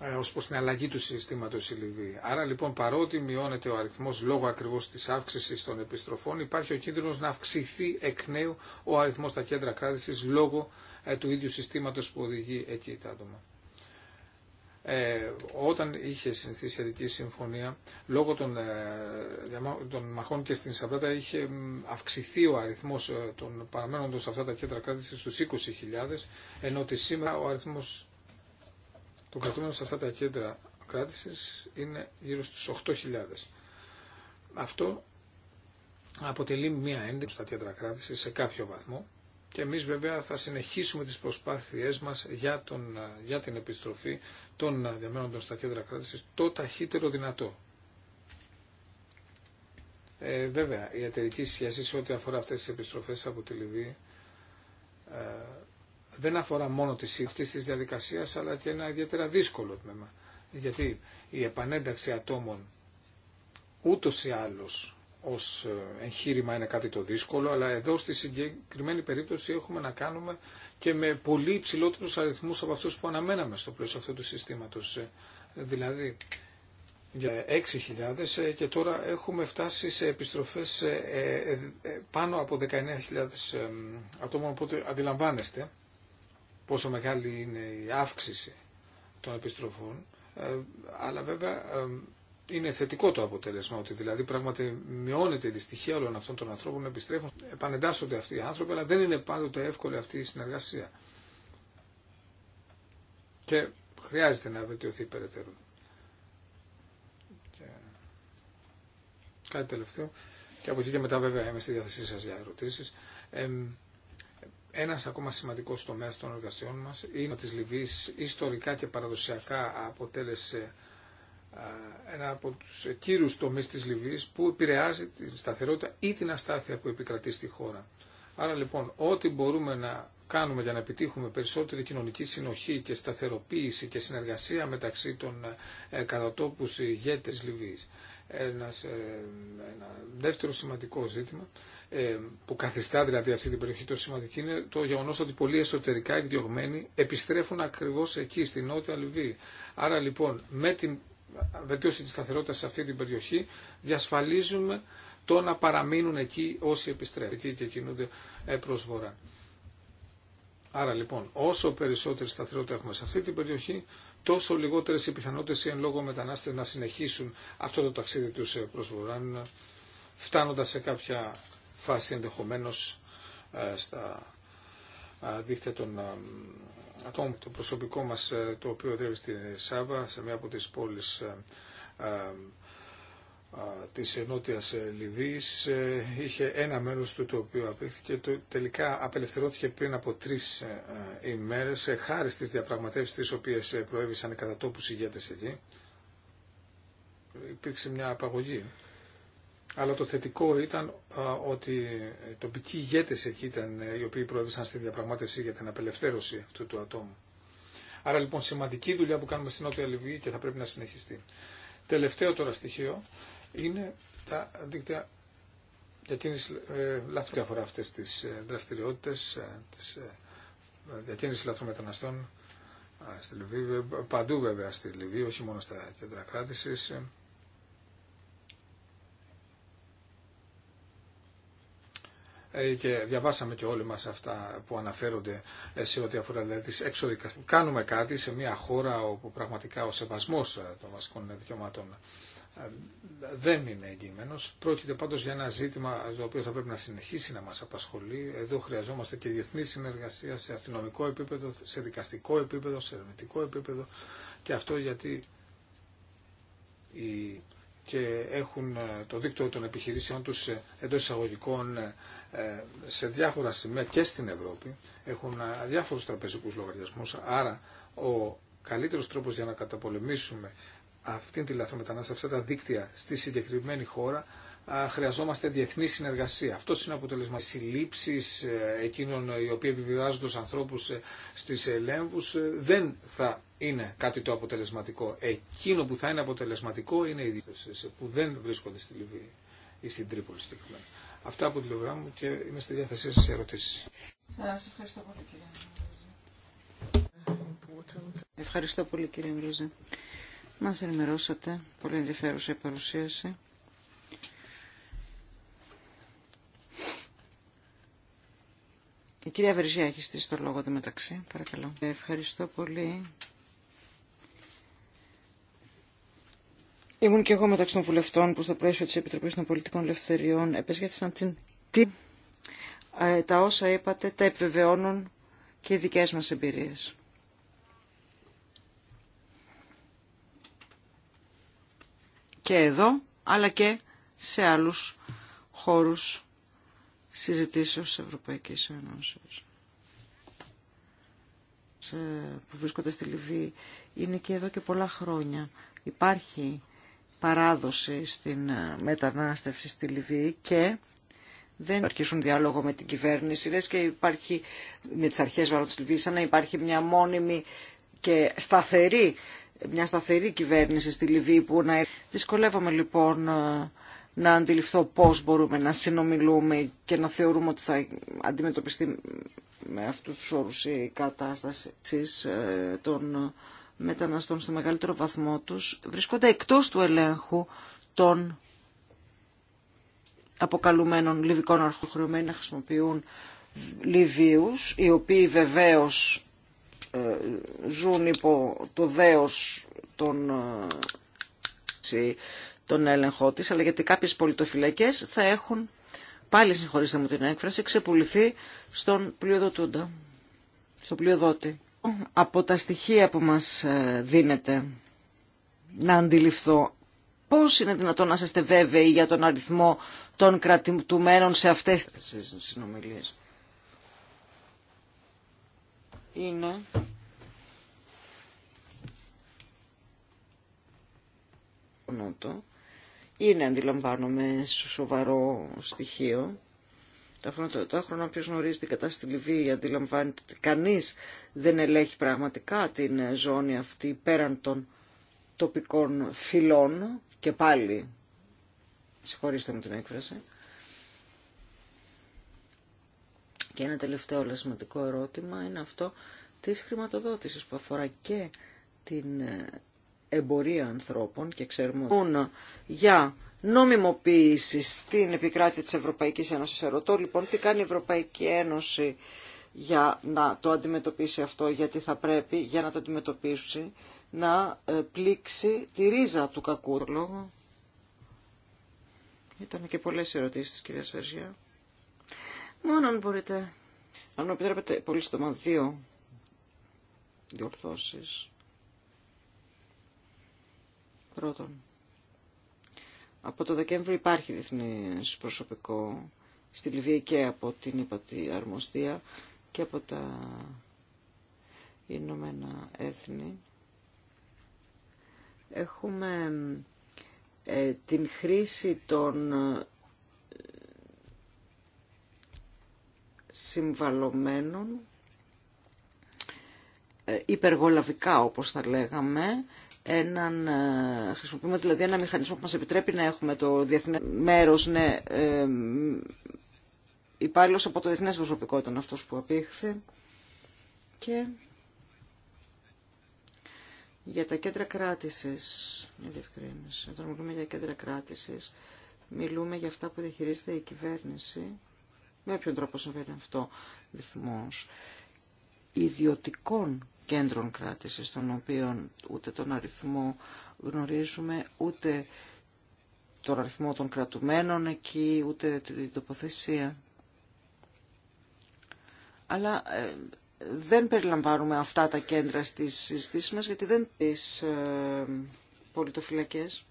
ε, ω προ την αλλαγή του συστήματο η Λιβύη. Άρα λοιπόν παρότι μειώνεται ο αριθμό λόγω ακριβώ τη αύξηση των επιστροφών, υπάρχει ο κίνδυνο να αυξηθεί εκ νέου ο αριθμό στα κέντρα κράτηση λόγω ε, του ίδιου συστήματο που οδηγεί εκεί τα άτομα ε, όταν είχε συνηθίσει σχετική συμφωνία, λόγω των, ε, των μαχών και στην Σαββάτα είχε αυξηθεί ο αριθμός ε, των παραμένοντων σε αυτά τα κέντρα κράτησης στου 20.000, ενώ ότι σήμερα ο αριθμός των κρατούμενων σε αυτά τα κέντρα κράτησης είναι γύρω στους 8.000. Αυτό αποτελεί μία ένδειξη στα κέντρα κράτηση σε κάποιο βαθμό και εμείς βέβαια θα συνεχίσουμε τις προσπάθειές μας για, τον, για την επιστροφή των διαμένοντων στα κέντρα κράτησης το ταχύτερο δυνατό. Ε, βέβαια, η εταιρική σχέση σε ό,τι αφορά αυτές τις επιστροφές από τη Λιβύη ε, δεν αφορά μόνο τη σύφτη της διαδικασίας αλλά και ένα ιδιαίτερα δύσκολο τμήμα. Γιατί η επανένταξη ατόμων ούτως ή άλλως ως ε, εγχείρημα είναι κάτι το δύσκολο, αλλά εδώ στη συγκεκριμένη περίπτωση έχουμε να κάνουμε και με πολύ υψηλότερους αριθμούς από αυτούς που αναμέναμε στο πλαίσιο αυτού του συστήματος. Ε, δηλαδή, για 6.000 ε, και τώρα έχουμε φτάσει σε επιστροφές πάνω από 19.000 ατόμων, οπότε αντιλαμβάνεστε πόσο μεγάλη είναι η αύξηση των επιστροφών. Αλλά βέβαια είναι θετικό το αποτέλεσμα, ότι δηλαδή πράγματι μειώνεται η δυστυχία όλων αυτών των ανθρώπων, επιστρέφουν, επανεντάσσονται αυτοί οι άνθρωποι, αλλά δεν είναι πάντοτε εύκολη αυτή η συνεργασία. Και χρειάζεται να βελτιωθεί περαιτέρω. Και... Κάτι τελευταίο. Και από εκεί και μετά βέβαια είμαι στη διάθεσή σας για ερωτήσεις. Ε, ένας ακόμα σημαντικός τομέας των εργασιών μας είναι της Λιβύης ιστορικά και παραδοσιακά αποτέλεσε ένα από τους κύριους τομείς της Λιβύης που επηρεάζει την σταθερότητα ή την αστάθεια που επικρατεί στη χώρα. Άρα λοιπόν ό,τι μπορούμε να κάνουμε για να επιτύχουμε περισσότερη κοινωνική συνοχή και σταθεροποίηση και συνεργασία μεταξύ των ε, κατατόπους ηγέτες Λιβύης. Ε, ένα δεύτερο σημαντικό ζήτημα ε, που καθιστά δηλαδή αυτή την περιοχή τόσο σημαντική είναι το γεγονό ότι πολλοί εσωτερικά εκδιωγμένοι επιστρέφουν ακριβώ εκεί, στην Νότια Λιβύη. Άρα λοιπόν με την βελτίωση της σταθερότητας σε αυτή την περιοχή, διασφαλίζουμε το να παραμείνουν εκεί όσοι επιστρέφουν και κινούνται ε, προς βορρά. Άρα λοιπόν, όσο περισσότερη σταθερότητα έχουμε σε αυτή την περιοχή, τόσο λιγότερες οι πιθανότητες εν λόγω μετανάστες να συνεχίσουν αυτό το ταξίδι τους ε, προς βορρά, φτάνοντας σε κάποια φάση ενδεχομένως ε, στα δίκτυα των το προσωπικό μας ε, το οποίο δρεύει στην Σάβα, σε μία από τις πόλεις ε, ε, της ενότιας Λιβύης είχε ένα μέρος του το οποίο το τελικά απελευθερώθηκε πριν από τρεις ημέρες χάρη στις διαπραγματεύσεις τις οποίες προέβησαν κατά τόπους ηγέτες εκεί υπήρξε μια απαγωγή αλλά το θετικό ήταν ότι οι τοπικοί ηγέτες εκεί ήταν ε, οι οποίοι προέβησαν στη διαπραγμάτευση για την απελευθέρωση αυτού του ατόμου. Άρα λοιπόν σημαντική δουλειά που κάνουμε στην Νότια Λιβύη και θα πρέπει να συνεχιστεί. Τελευταίο τώρα στοιχείο είναι τα δίκτυα διακίνηση ε, Τι αφορά αυτές τις ε, δραστηριότητες ε, ε διακίνηση λαθρομεταναστών στη Λιβύη, παντού βέβαια στη Λιβύη, όχι μόνο στα κέντρα κράτησης. Ε, και διαβάσαμε και όλοι μας αυτά που αναφέρονται ε, σε ό,τι αφορά δηλαδή τις εξοδικασίες. Κάνουμε κάτι σε μια χώρα όπου πραγματικά ο σεβασμός ε, των βασικών δικαιωμάτων δεν είναι εγγυημένος. Πρόκειται πάντως για ένα ζήτημα το οποίο θα πρέπει να συνεχίσει να μας απασχολεί. Εδώ χρειαζόμαστε και διεθνή συνεργασία σε αστυνομικό επίπεδο, σε δικαστικό επίπεδο, σε ερευνητικό επίπεδο και αυτό γιατί και έχουν το δίκτυο των επιχειρήσεων τους εντός εισαγωγικών ε, σε διάφορα σημεία και στην Ευρώπη έχουν διάφορους τραπεζικούς λογαριασμούς, άρα ο καλύτερος τρόπος για να καταπολεμήσουμε αυτή τη λαθρομετανάστευση, αυτά τα δίκτυα στη συγκεκριμένη χώρα, χρειαζόμαστε διεθνή συνεργασία. Αυτό είναι αποτέλεσμα συλλήψει ε, εκείνων ε, οι οποίοι επιβιβάζουν του ανθρώπου στι ελέμβου δεν θα είναι κάτι το αποτελεσματικό. Εκείνο που θα είναι αποτελεσματικό είναι οι δίκτυε που δεν βρίσκονται στη Λιβύη ή στην Τρίπολη Αυτά από την πλευρά μου και είμαι στη διάθεσή σα σε ερωτήσεις. ευχαριστώ πολύ κύριε Ευχαριστώ πολύ κύριε Μας ενημερώσατε. Πολύ ενδιαφέρουσα η παρουσίαση. Η κυρία Βεριζιά έχει στήσει το λόγο του μεταξύ. Παρακαλώ. Ευχαριστώ πολύ Ήμουν και εγώ μεταξύ των βουλευτών που στο πλαίσιο τη Επιτροπή των Πολιτικών Ελευθεριών επεσγέθησαν την τι ε, τα όσα είπατε τα επιβεβαιώνουν και οι δικές μας εμπειρίες. Και εδώ, αλλά και σε άλλους χώρους συζητήσεως Ευρωπαϊκής Ένωσης που βρίσκονται στη Λιβύη είναι και εδώ και πολλά χρόνια. Υπάρχει παράδοση στην ε, μετανάστευση στη Λιβύη και δεν αρχίσουν διάλογο με την κυβέρνηση, λες και υπάρχει με τις αρχές βαρών της Λιβύης, σαν να υπάρχει μια μόνιμη και σταθερή, μια σταθερή κυβέρνηση στη Λιβύη που να Δυσκολεύομαι λοιπόν ε, να αντιληφθώ πώς μπορούμε να συνομιλούμε και να θεωρούμε ότι θα αντιμετωπιστεί με αυτούς τους όρους η κατάσταση ε, των μεταναστών στο μεγαλύτερο βαθμό τους βρίσκονται εκτός του ελέγχου των αποκαλουμένων λιβικών αρχοχρεωμένων να χρησιμοποιούν Λιβίους, οι οποίοι βεβαίως ε, ζουν υπό το δέος των, ε, τον έλεγχό της, αλλά γιατί κάποιες πολιτοφυλακές θα έχουν, πάλι συγχωρήστε μου την έκφραση, ξεπουληθεί στον πλειοδοτούντα, στον πλειοδότη από τα στοιχεία που μας ε, δίνετε να αντιληφθώ πώς είναι δυνατόν να είστε βέβαιοι για τον αριθμό των κρατουμένων σε αυτές τις συνομιλίες. Είναι... Είναι, αντιλαμβάνομαι, σοβαρό στοιχείο Ταυτόχρονα όποιο γνωρίζει την κατάσταση στη Λιβύη αντιλαμβάνεται ότι κανείς δεν ελέγχει πραγματικά την ζώνη αυτή πέραν των τοπικών φυλών και πάλι, συγχωρήστε μου την έκφραση. Και ένα τελευταίο αλλά ερώτημα είναι αυτό της χρηματοδότησης που αφορά και την ε, εμπορία ανθρώπων και ξέρουμε για νομιμοποίηση στην επικράτεια της Ευρωπαϊκής Ένωσης. Ερωτώ λοιπόν τι κάνει η Ευρωπαϊκή Ένωση για να το αντιμετωπίσει αυτό, γιατί θα πρέπει για να το αντιμετωπίσει να ε, πλήξει τη ρίζα του κακού Ήταν και πολλές ερωτήσεις της κυρίας Βεργιά. Μόνο αν μπορείτε. Αν μου επιτρέπετε πολύ σύντομα δύο διορθώσεις. Πρώτον, από το Δεκέμβριο υπάρχει διεθνές προσωπικό στη Λιβύη και από την Υπατή Αρμοστία και από τα Ηνωμένα Έθνη. Έχουμε ε, την χρήση των ε, συμβαλωμένων ε, υπεργολαβικά όπως θα λέγαμε έναν, ε, χρησιμοποιούμε δηλαδή ένα μηχανισμό που μας επιτρέπει να έχουμε το διεθνές μέρος, ναι, ε, υπάλληλος από το διεθνές προσωπικό ήταν αυτός που απήχθη και για τα κέντρα κράτησης, μια διευκρίνηση, όταν μιλούμε για κέντρα κράτησης, μιλούμε για αυτά που διαχειρίζεται η κυβέρνηση, με ποιον τρόπο συμβαίνει αυτό, ρυθμός ιδιωτικών κέντρων κράτησης, των οποίων ούτε τον αριθμό γνωρίζουμε, ούτε τον αριθμό των κρατουμένων εκεί, ούτε την τοποθεσία. Αλλά ε, δεν περιλαμβάνουμε αυτά τα κέντρα στις συζητήσεις μας, γιατί δεν τις ε, πολιτοφυλακές.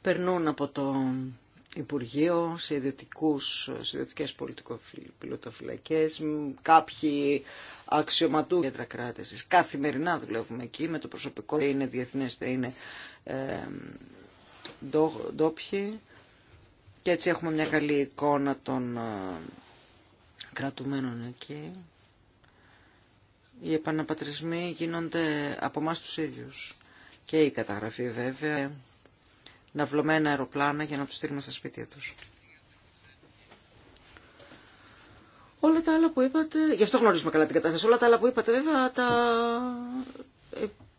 Περνούν από το Υπουργείο, σε, ιδιωτικούς, σε ιδιωτικές πολιτικοφυλακές, κάποιοι αξιωματού κέντρα κράτησης. Καθημερινά δουλεύουμε εκεί με το προσωπικό, είναι διεθνές, είναι ε, ντόπιοι και έτσι έχουμε μια καλή εικόνα των ε, κρατουμένων εκεί. Οι επαναπατρισμοί γίνονται από εμά τους ίδιους και η καταγραφή βέβαια ναυλωμένα αεροπλάνα για να τους στείλουμε στα σπίτια τους. Όλα τα άλλα που είπατε, γι' αυτό γνωρίζουμε καλά την κατάσταση, όλα τα άλλα που είπατε βέβαια τα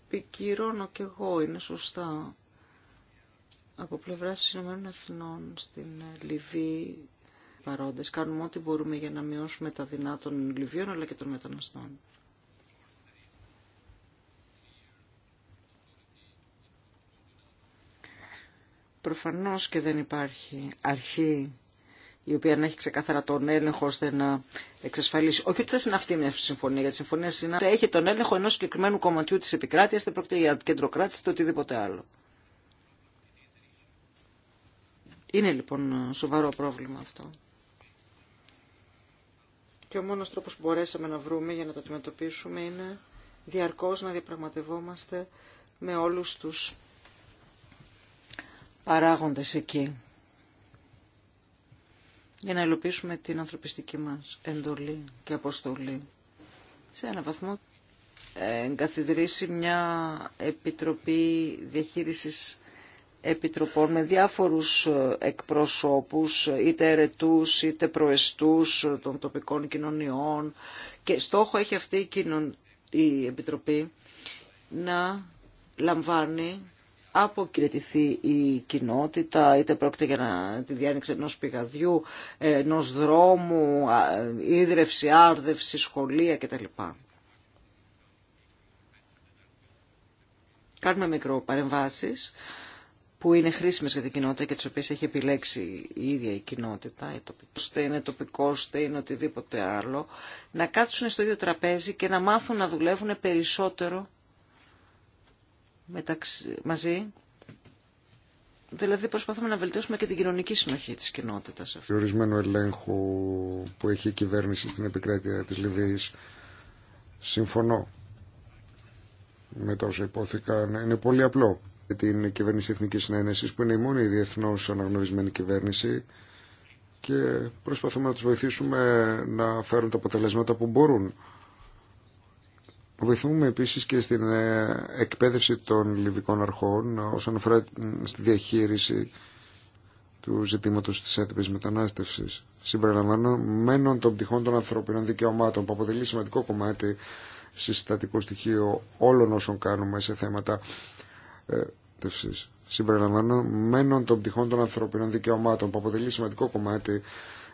επικυρώνω κι εγώ, είναι σωστά. Από πλευρά Ηνωμένων Εθνών στην Λιβύη παρόντες κάνουμε ό,τι μπορούμε για να μειώσουμε τα δυνά των Λιβύων αλλά και των μεταναστών. Προφανώς και δεν υπάρχει αρχή η οποία να έχει ξεκάθαρα τον έλεγχο ώστε να εξασφαλίσει. Όχι ότι θα αυτή μια συμφωνία, γιατί η συμφωνία έχει τον έλεγχο ενό συγκεκριμένου κομματιού τη επικράτεια, δεν πρόκειται για κεντροκράτη είτε οτιδήποτε άλλο. Είναι λοιπόν σοβαρό πρόβλημα αυτό. Και ο μόνος τρόπος που μπορέσαμε να βρούμε για να το αντιμετωπίσουμε είναι διαρκώς να διαπραγματευόμαστε με όλους τους παράγοντες εκεί για να υλοποιήσουμε την ανθρωπιστική μας εντολή και αποστολή. Σε ένα βαθμό ε, εγκαθιδρύσει μια επιτροπή διαχείρισης επιτροπών με διάφορους ε, εκπροσώπους, είτε ερετούς είτε προεστούς ε, των τοπικών κοινωνιών και στόχο έχει αυτή η Επιτροπή να λαμβάνει αποκριτηθεί η κοινότητα, είτε πρόκειται για τη διάνοιξη ενός πηγαδιού, ενός δρόμου, ίδρευση, άρδευση, σχολεία κτλ. Κάνουμε μικρό παρεμβάσεις που είναι χρήσιμες για την κοινότητα και τις οποίες έχει επιλέξει η ίδια η κοινότητα, η είναι τοπικό, είτε είναι οτιδήποτε άλλο, να κάτσουν στο ίδιο τραπέζι και να μάθουν να δουλεύουν περισσότερο μαζί. Δηλαδή προσπαθούμε να βελτιώσουμε και την κοινωνική συνοχή της κοινότητας. Αυτή. Ορισμένο ελέγχο που έχει η κυβέρνηση στην επικράτεια της Λιβύης. Συμφωνώ με τα όσα υπόθηκαν. Είναι πολύ απλό. Την κυβέρνηση Εθνικής Συνένεσης που είναι η μόνη διεθνώ αναγνωρισμένη κυβέρνηση, και προσπαθούμε να του βοηθήσουμε να φέρουν τα αποτελέσματα που μπορούν. Βοηθούμε επίση και στην ε, εκπαίδευση των λιβικών αρχών ε, όσον αφορά ε, στη διαχείριση του ζητήματος της έντυπης μετανάστευσης συμπεριλαμβανομένων των πτυχών των ανθρωπινών δικαιωμάτων που αποτελεί σημαντικό κομμάτι συστατικό στοιχείο όλων όσων κάνουμε σε θέματα έντευσης συμπεριλαμβανομένων των πτυχών των ανθρωπινών δικαιωμάτων που αποτελεί σημαντικό κομμάτι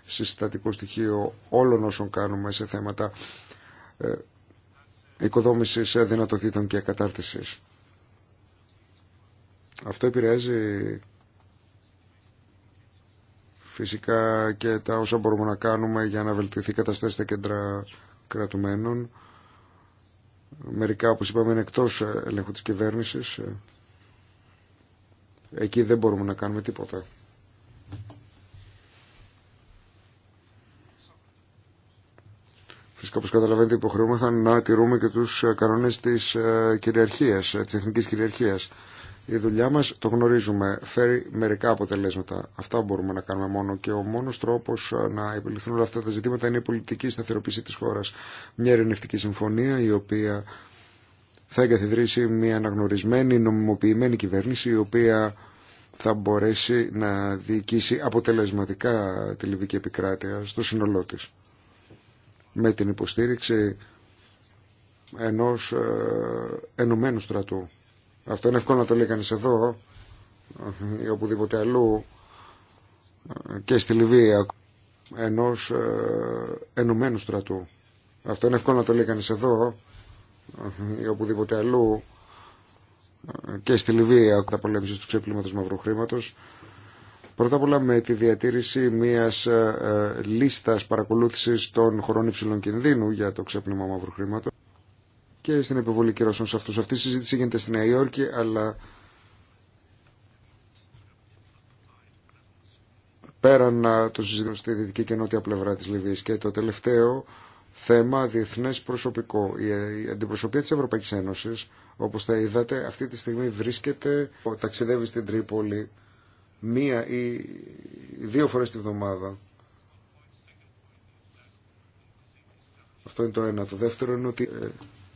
συστατικό στοιχείο όλων όσων κάνουμε σε θέματα οικοδόμησης δυνατοτήτων και κατάρτιση. Αυτό επηρεάζει φυσικά και τα όσα μπορούμε να κάνουμε για να βελτιωθεί η τα στα κέντρα κρατουμένων. Μερικά, όπως είπαμε, είναι εκτός ελέγχου της κυβέρνησης. Εκεί δεν μπορούμε να κάνουμε τίποτα. Φυσικά, όπως καταλαβαίνετε, υποχρεούμεθα να τηρούμε και του ε, κανόνε τη ε, κυριαρχία, ε, τη Εθνική Κυριαρχία. Η δουλειά μα το γνωρίζουμε, φέρει μερικά αποτελέσματα. Αυτά μπορούμε να κάνουμε μόνο και ο μόνο τρόπο να επιληθούν όλα αυτά τα ζητήματα είναι η πολιτική σταθεροποίηση τη χωρα Μια ειρηνευτική συμφωνία η οποία θα εγκαθιδρύσει μια αναγνωρισμένη, νομιμοποιημένη κυβέρνηση η οποία θα μπορέσει να διοικήσει αποτελεσματικά τη Λιβική επικράτεια στο σύνολό της με την υποστήριξη ενός ε, ενωμένου στρατού. Αυτό είναι εύκολο να το λέει κανείς εδώ ή οπουδήποτε αλλού και στη Λιβύη ενός ε, ενωμένου στρατού. Αυτό είναι εύκολο να το λέει κανείς εδώ ή οπουδήποτε αλλού ε, και στη Λιβύη τα πολέμησης του ξεπλήματος μαύρου χρήματος Πρώτα απ' όλα με τη διατήρηση μιας ε, ε, λίστας παρακολούθησης των χωρών υψηλών κινδύνου για το ξέπνιμα μαύρου χρήματος και στην επιβολή κυρώσεων σε αυτούς. Αυτή η συζήτηση γίνεται στη Νέα Υόρκη, αλλά πέραν το συζητήσουμε στη δυτική και νότια πλευρά της Λιβύης. Και το τελευταίο θέμα, διεθνές προσωπικό. Η αντιπροσωπεία της Ευρωπαϊκής Ένωσης, όπως τα είδατε, αυτή τη στιγμή βρίσκεται, ταξιδεύει στην Τρίπολη, μία ή δύο φορές τη βδομάδα. Αυτό είναι το ένα. Το δεύτερο είναι ότι, ε,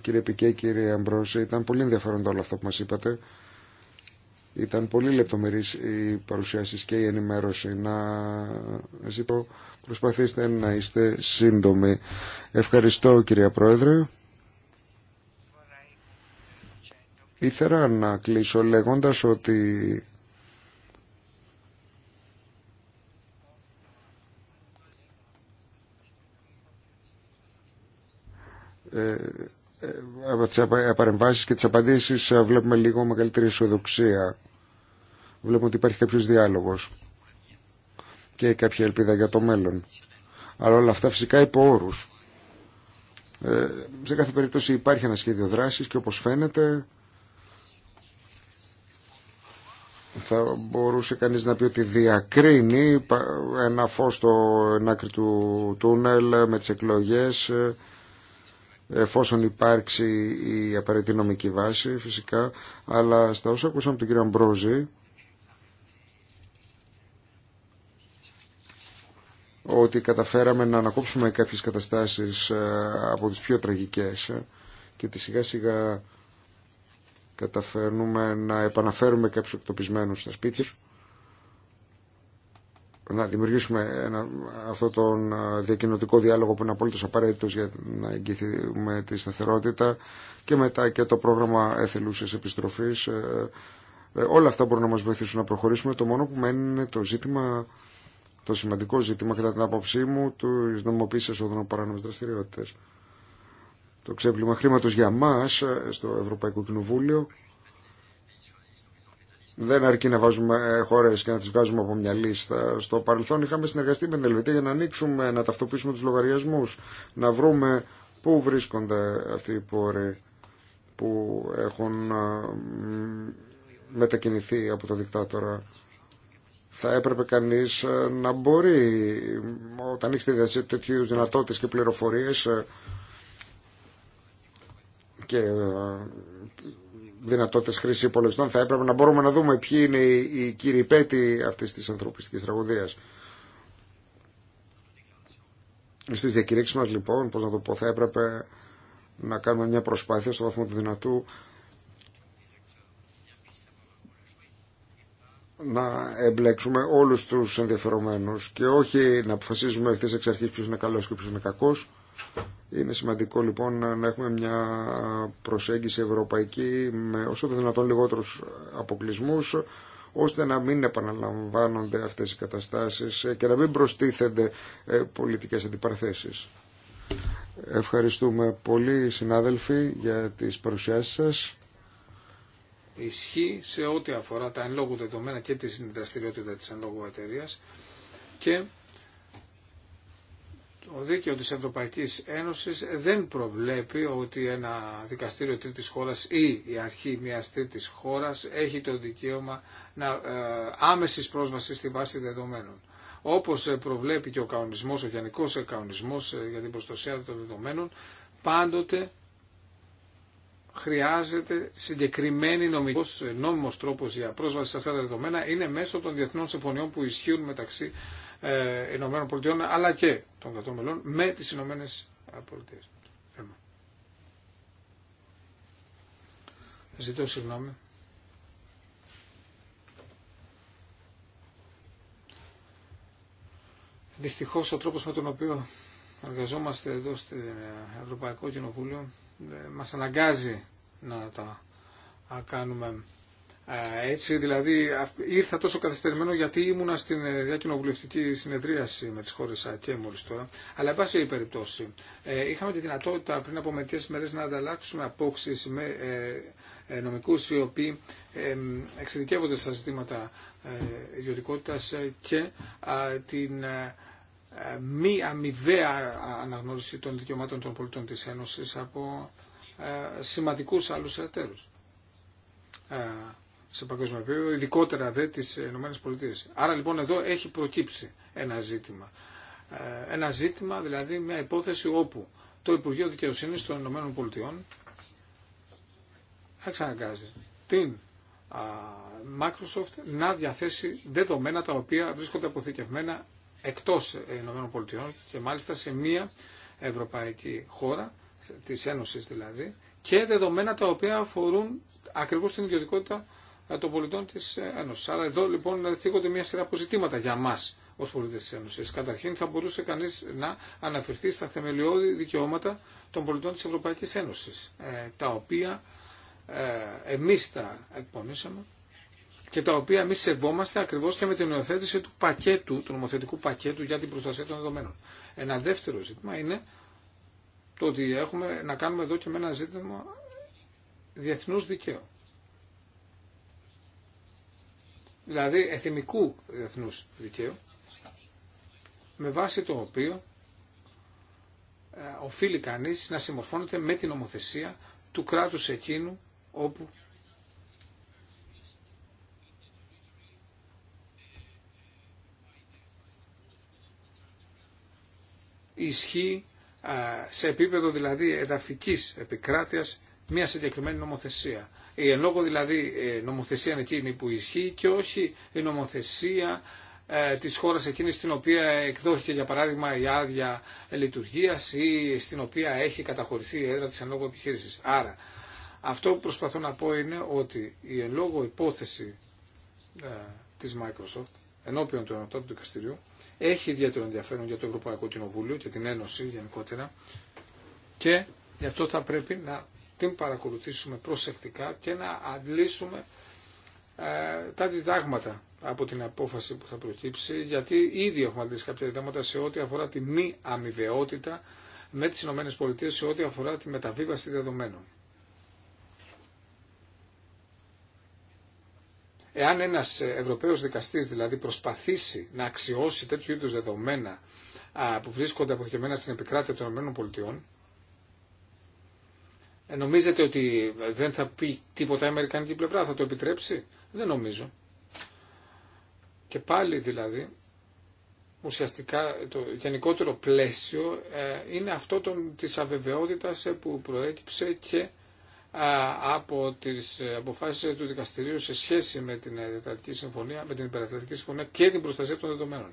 κύριε Πικέ, κύριε Αμπρόσε, ήταν πολύ ενδιαφέροντα όλα αυτά που μας είπατε. Ήταν πολύ λεπτομερής η παρουσιάση και η ενημέρωση. Να ζητώ, προσπαθήστε να είστε σύντομοι. Ευχαριστώ, κυρία Πρόεδρε. Ήθελα να κλείσω λέγοντας ότι Ε, ε, από τις παρεμβάσεις και τις απαντήσεις ε, βλέπουμε λίγο μεγαλύτερη ισοδοξία. Βλέπουμε ότι υπάρχει κάποιος διάλογος και κάποια ελπίδα για το μέλλον. Αλλά όλα αυτά φυσικά υπό όρους. Ε, σε κάθε περίπτωση υπάρχει ένα σχέδιο δράσης και όπως φαίνεται θα μπορούσε κανείς να πει ότι διακρίνει ένα φως στο άκρη του τούνελ με τις εκλογές εφόσον υπάρξει η απαραίτητη νομική βάση φυσικά, αλλά στα όσα ακούσαμε από τον κύριο Αμπρόζη, ότι καταφέραμε να ανακόψουμε κάποιες καταστάσεις ε, από τις πιο τραγικές ε, και τη σιγά σιγά καταφέρνουμε να επαναφέρουμε κάποιους εκτοπισμένους στα σπίτια να δημιουργήσουμε ένα, αυτό τον ε, διακοινωτικό διάλογο που είναι απολύτως απαραίτητος για να εγγυηθούμε τη σταθερότητα και μετά και το πρόγραμμα εθελούσες επιστροφής. Ε, ε, όλα αυτά μπορούν να μας βοηθήσουν να προχωρήσουμε. Το μόνο που μένει είναι το ζήτημα, το σημαντικό ζήτημα κατά την άποψή μου του νομοποίησης εσόδων παράνομες δραστηριότητες. Το ξέπλυμα χρήματος για μας στο Ευρωπαϊκό Κοινοβούλιο δεν αρκεί να βάζουμε χώρε και να τι βγάζουμε από μια λίστα. Στο παρελθόν είχαμε συνεργαστεί με την Ελβετία για να ανοίξουμε, να ταυτοποιήσουμε του λογαριασμού, να βρούμε πού βρίσκονται αυτοί οι πόροι που έχουν μετακινηθεί από το δικτάτορα. Θα έπρεπε κανείς να μπορεί, όταν έχει τη διαδικασία τέτοιου δυνατότητες και πληροφορίε. Δυνατότητε χρήση υπολογιστών θα έπρεπε να μπορούμε να δούμε ποιοι είναι οι, κύριοι πέτοι αυτής της ανθρωπιστικής τραγωδία. Στις διακηρύξει μας λοιπόν, πώς να το πω, θα έπρεπε να κάνουμε μια προσπάθεια στο βαθμό του δυνατού να εμπλέξουμε όλους τους ενδιαφερομένους και όχι να αποφασίζουμε ευθύς εξ αρχής ποιος είναι καλό και ποιος είναι κακός είναι σημαντικό λοιπόν να έχουμε μια προσέγγιση ευρωπαϊκή με όσο το δυνατόν λιγότερους αποκλεισμούς ώστε να μην επαναλαμβάνονται αυτές οι καταστάσεις και να μην προστίθενται ε, πολιτικές αντιπαρθέσεις. Ευχαριστούμε πολύ συνάδελφοι για τις παρουσιάσεις σας. Ισχύει σε ό,τι αφορά τα εν λόγω δεδομένα και τη δραστηριότητα της εν λόγω εταιρείας και ο δίκαιο της Ευρωπαϊκής Ένωσης δεν προβλέπει ότι ένα δικαστήριο τρίτης χώρας ή η αρχή μιας τρίτης χώρας έχει το δικαίωμα να, ε, άμεσης πρόσβασης στη βάση δεδομένων. Όπως ε, προβλέπει και ο κανονισμός, ο γενικός κανονισμός ε, για την προστασία των δεδομένων, πάντοτε χρειάζεται συγκεκριμένη νομικός, ε, νόμιμος τρόπος για πρόσβαση σε αυτά τα δεδομένα είναι μέσω των διεθνών συμφωνιών που ισχύουν μεταξύ ε, Ηνωμένων Πολιτείων αλλά και των κρατών μελών με τις ΗΠΑ. Ζητώ συγγνώμη. Δυστυχώς ο τρόπος με τον οποίο εργαζόμαστε εδώ στην ε, Ευρωπαϊκό Κοινοβούλιο ναι, μας αναγκάζει να τα κάνουμε έτσι. Δηλαδή ήρθα τόσο καθυστερημένο γιατί ήμουνα στην ε, διακοινοβουλευτική συνεδρίαση με τις χώρες και μόλις τώρα. Αλλά εν η περιπτώσει ε, είχαμε τη δυνατότητα πριν από μερικές μέρες να ανταλλάξουμε απόξεις με ε, νομικούς οι οποίοι εξειδικεύονται στα ζητήματα ιδιωτικότητας και την ε, μη αμοιβαία αναγνώριση των δικαιωμάτων των πολιτών της Ένωσης από ε, σημαντικούς άλλους εταίρους ε, σε παγκόσμιο επίπεδο, ειδικότερα δε τις ΗΠΑ. Άρα λοιπόν εδώ έχει προκύψει ένα ζήτημα. Ένα ζήτημα, δηλαδή μια υπόθεση όπου το Υπουργείο Δικαιοσύνης των Ηνωμένων Πολιτειών εξαναγκάζει την Microsoft να διαθέσει δεδομένα τα οποία βρίσκονται αποθηκευμένα εκτός ε, ΗΠΑ και μάλιστα σε μία ευρωπαϊκή χώρα, της Ένωσης δηλαδή, και δεδομένα τα οποία αφορούν ακριβώς την ιδιωτικότητα ε, των πολιτών της ε, Ένωσης. Άρα εδώ λοιπόν θίγονται μια σειρά αποζητήματα για μας ως πολίτες της Ένωσης. Καταρχήν θα μπορούσε κανείς να αναφερθεί στα θεμελιώδη δικαιώματα των πολιτών της Ευρωπαϊκής Ένωσης, τα οποία εμείς τα εκπονήσαμε και τα οποία εμεί σεβόμαστε ακριβώ και με την υιοθέτηση του πακέτου, του νομοθετικού πακέτου για την προστασία των δεδομένων. Ένα δεύτερο ζήτημα είναι το ότι έχουμε να κάνουμε εδώ και με ένα ζήτημα διεθνού δικαίου. Δηλαδή εθνικού διεθνού δικαίου, με βάση το οποίο ε, οφείλει κανείς να συμμορφώνεται με την ομοθεσία του κράτους εκείνου όπου ισχύει σε επίπεδο δηλαδή εδαφικής επικράτειας μια συγκεκριμένη νομοθεσία. Η εν λόγω δηλαδή ε, νομοθεσία είναι εκείνη που ισχύει και όχι η νομοθεσία ε, της χώρας εκείνης στην οποία εκδόθηκε για παράδειγμα η άδεια λειτουργίας ή λειτουργία η έδρα της εν λόγω επιχείρησης. Άρα αυτό που προσπαθώ να πω είναι ότι η εν λόγω υπόθεση ε, της Microsoft ενώπιον του Ενωτάτου Δικαστηρίου έχει ιδιαίτερο ενδιαφέρον για το Ευρωπαϊκό Κοινοβούλιο και την Ένωση γενικότερα και γι' αυτό θα πρέπει να την παρακολουθήσουμε προσεκτικά και να αντλήσουμε ε, τα διδάγματα από την απόφαση που θα προκύψει, γιατί ήδη έχουμε αντλήσει κάποια διδάγματα σε ό,τι αφορά τη μη αμοιβαιότητα με τις ΗΠΑ σε ό,τι αφορά τη μεταβίβαση δεδομένων. Εάν ένας Ευρωπαίος δικαστής δηλαδή προσπαθήσει να αξιώσει τέτοιου είδου δεδομένα που βρίσκονται αποθηκευμένα στην επικράτεια των ΗΠΑ, ε, νομίζετε ότι δεν θα πει τίποτα η Αμερικανική πλευρά, θα το επιτρέψει. Δεν νομίζω. Και πάλι δηλαδή, ουσιαστικά το γενικότερο πλαίσιο ε, είναι αυτό των, της αβεβαιότητας ε, που προέκυψε και από τις αποφάσεις του δικαστηρίου σε σχέση με την Διατατική Συμφωνία, με την Συμφωνία και την προστασία των δεδομένων.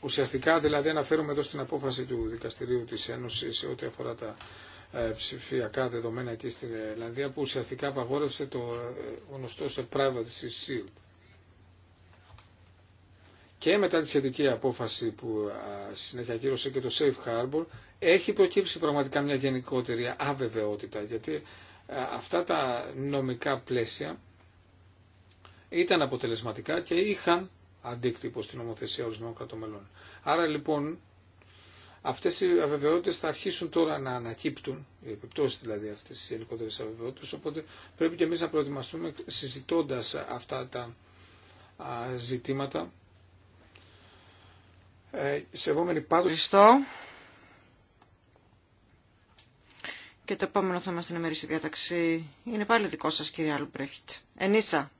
Ουσιαστικά δηλαδή αναφέρουμε εδώ στην απόφαση του Δικαστηρίου της Ένωσης σε ό,τι αφορά τα ε, ψηφιακά δεδομένα εκεί στην Ελλανδία, που ουσιαστικά απαγόρευσε το ε, γνωστό σε privacy shield. Και μετά τη σχετική απόφαση που συνέχεια κύρωσε και το Safe Harbor, έχει προκύψει πραγματικά μια γενικότερη αβεβαιότητα γιατί ε, αυτά τα νομικά πλαίσια ήταν αποτελεσματικά και είχαν αντίκτυπο στην νομοθεσία ορισμένων κρατομελών. Άρα λοιπόν αυτές οι αβεβαιότητες θα αρχίσουν τώρα να ανακύπτουν, οι επιπτώσεις δηλαδή αυτές οι γενικότερες αβεβαιότητες, οπότε πρέπει και εμείς να προετοιμαστούμε συζητώντας αυτά τα ζητήματα. Ε, Ευχαριστώ. Και το επόμενο θέμα στην ημερήσια διάταξη είναι πάλι δικό σας κύριε Άλμπρεχτ. Ενίσα.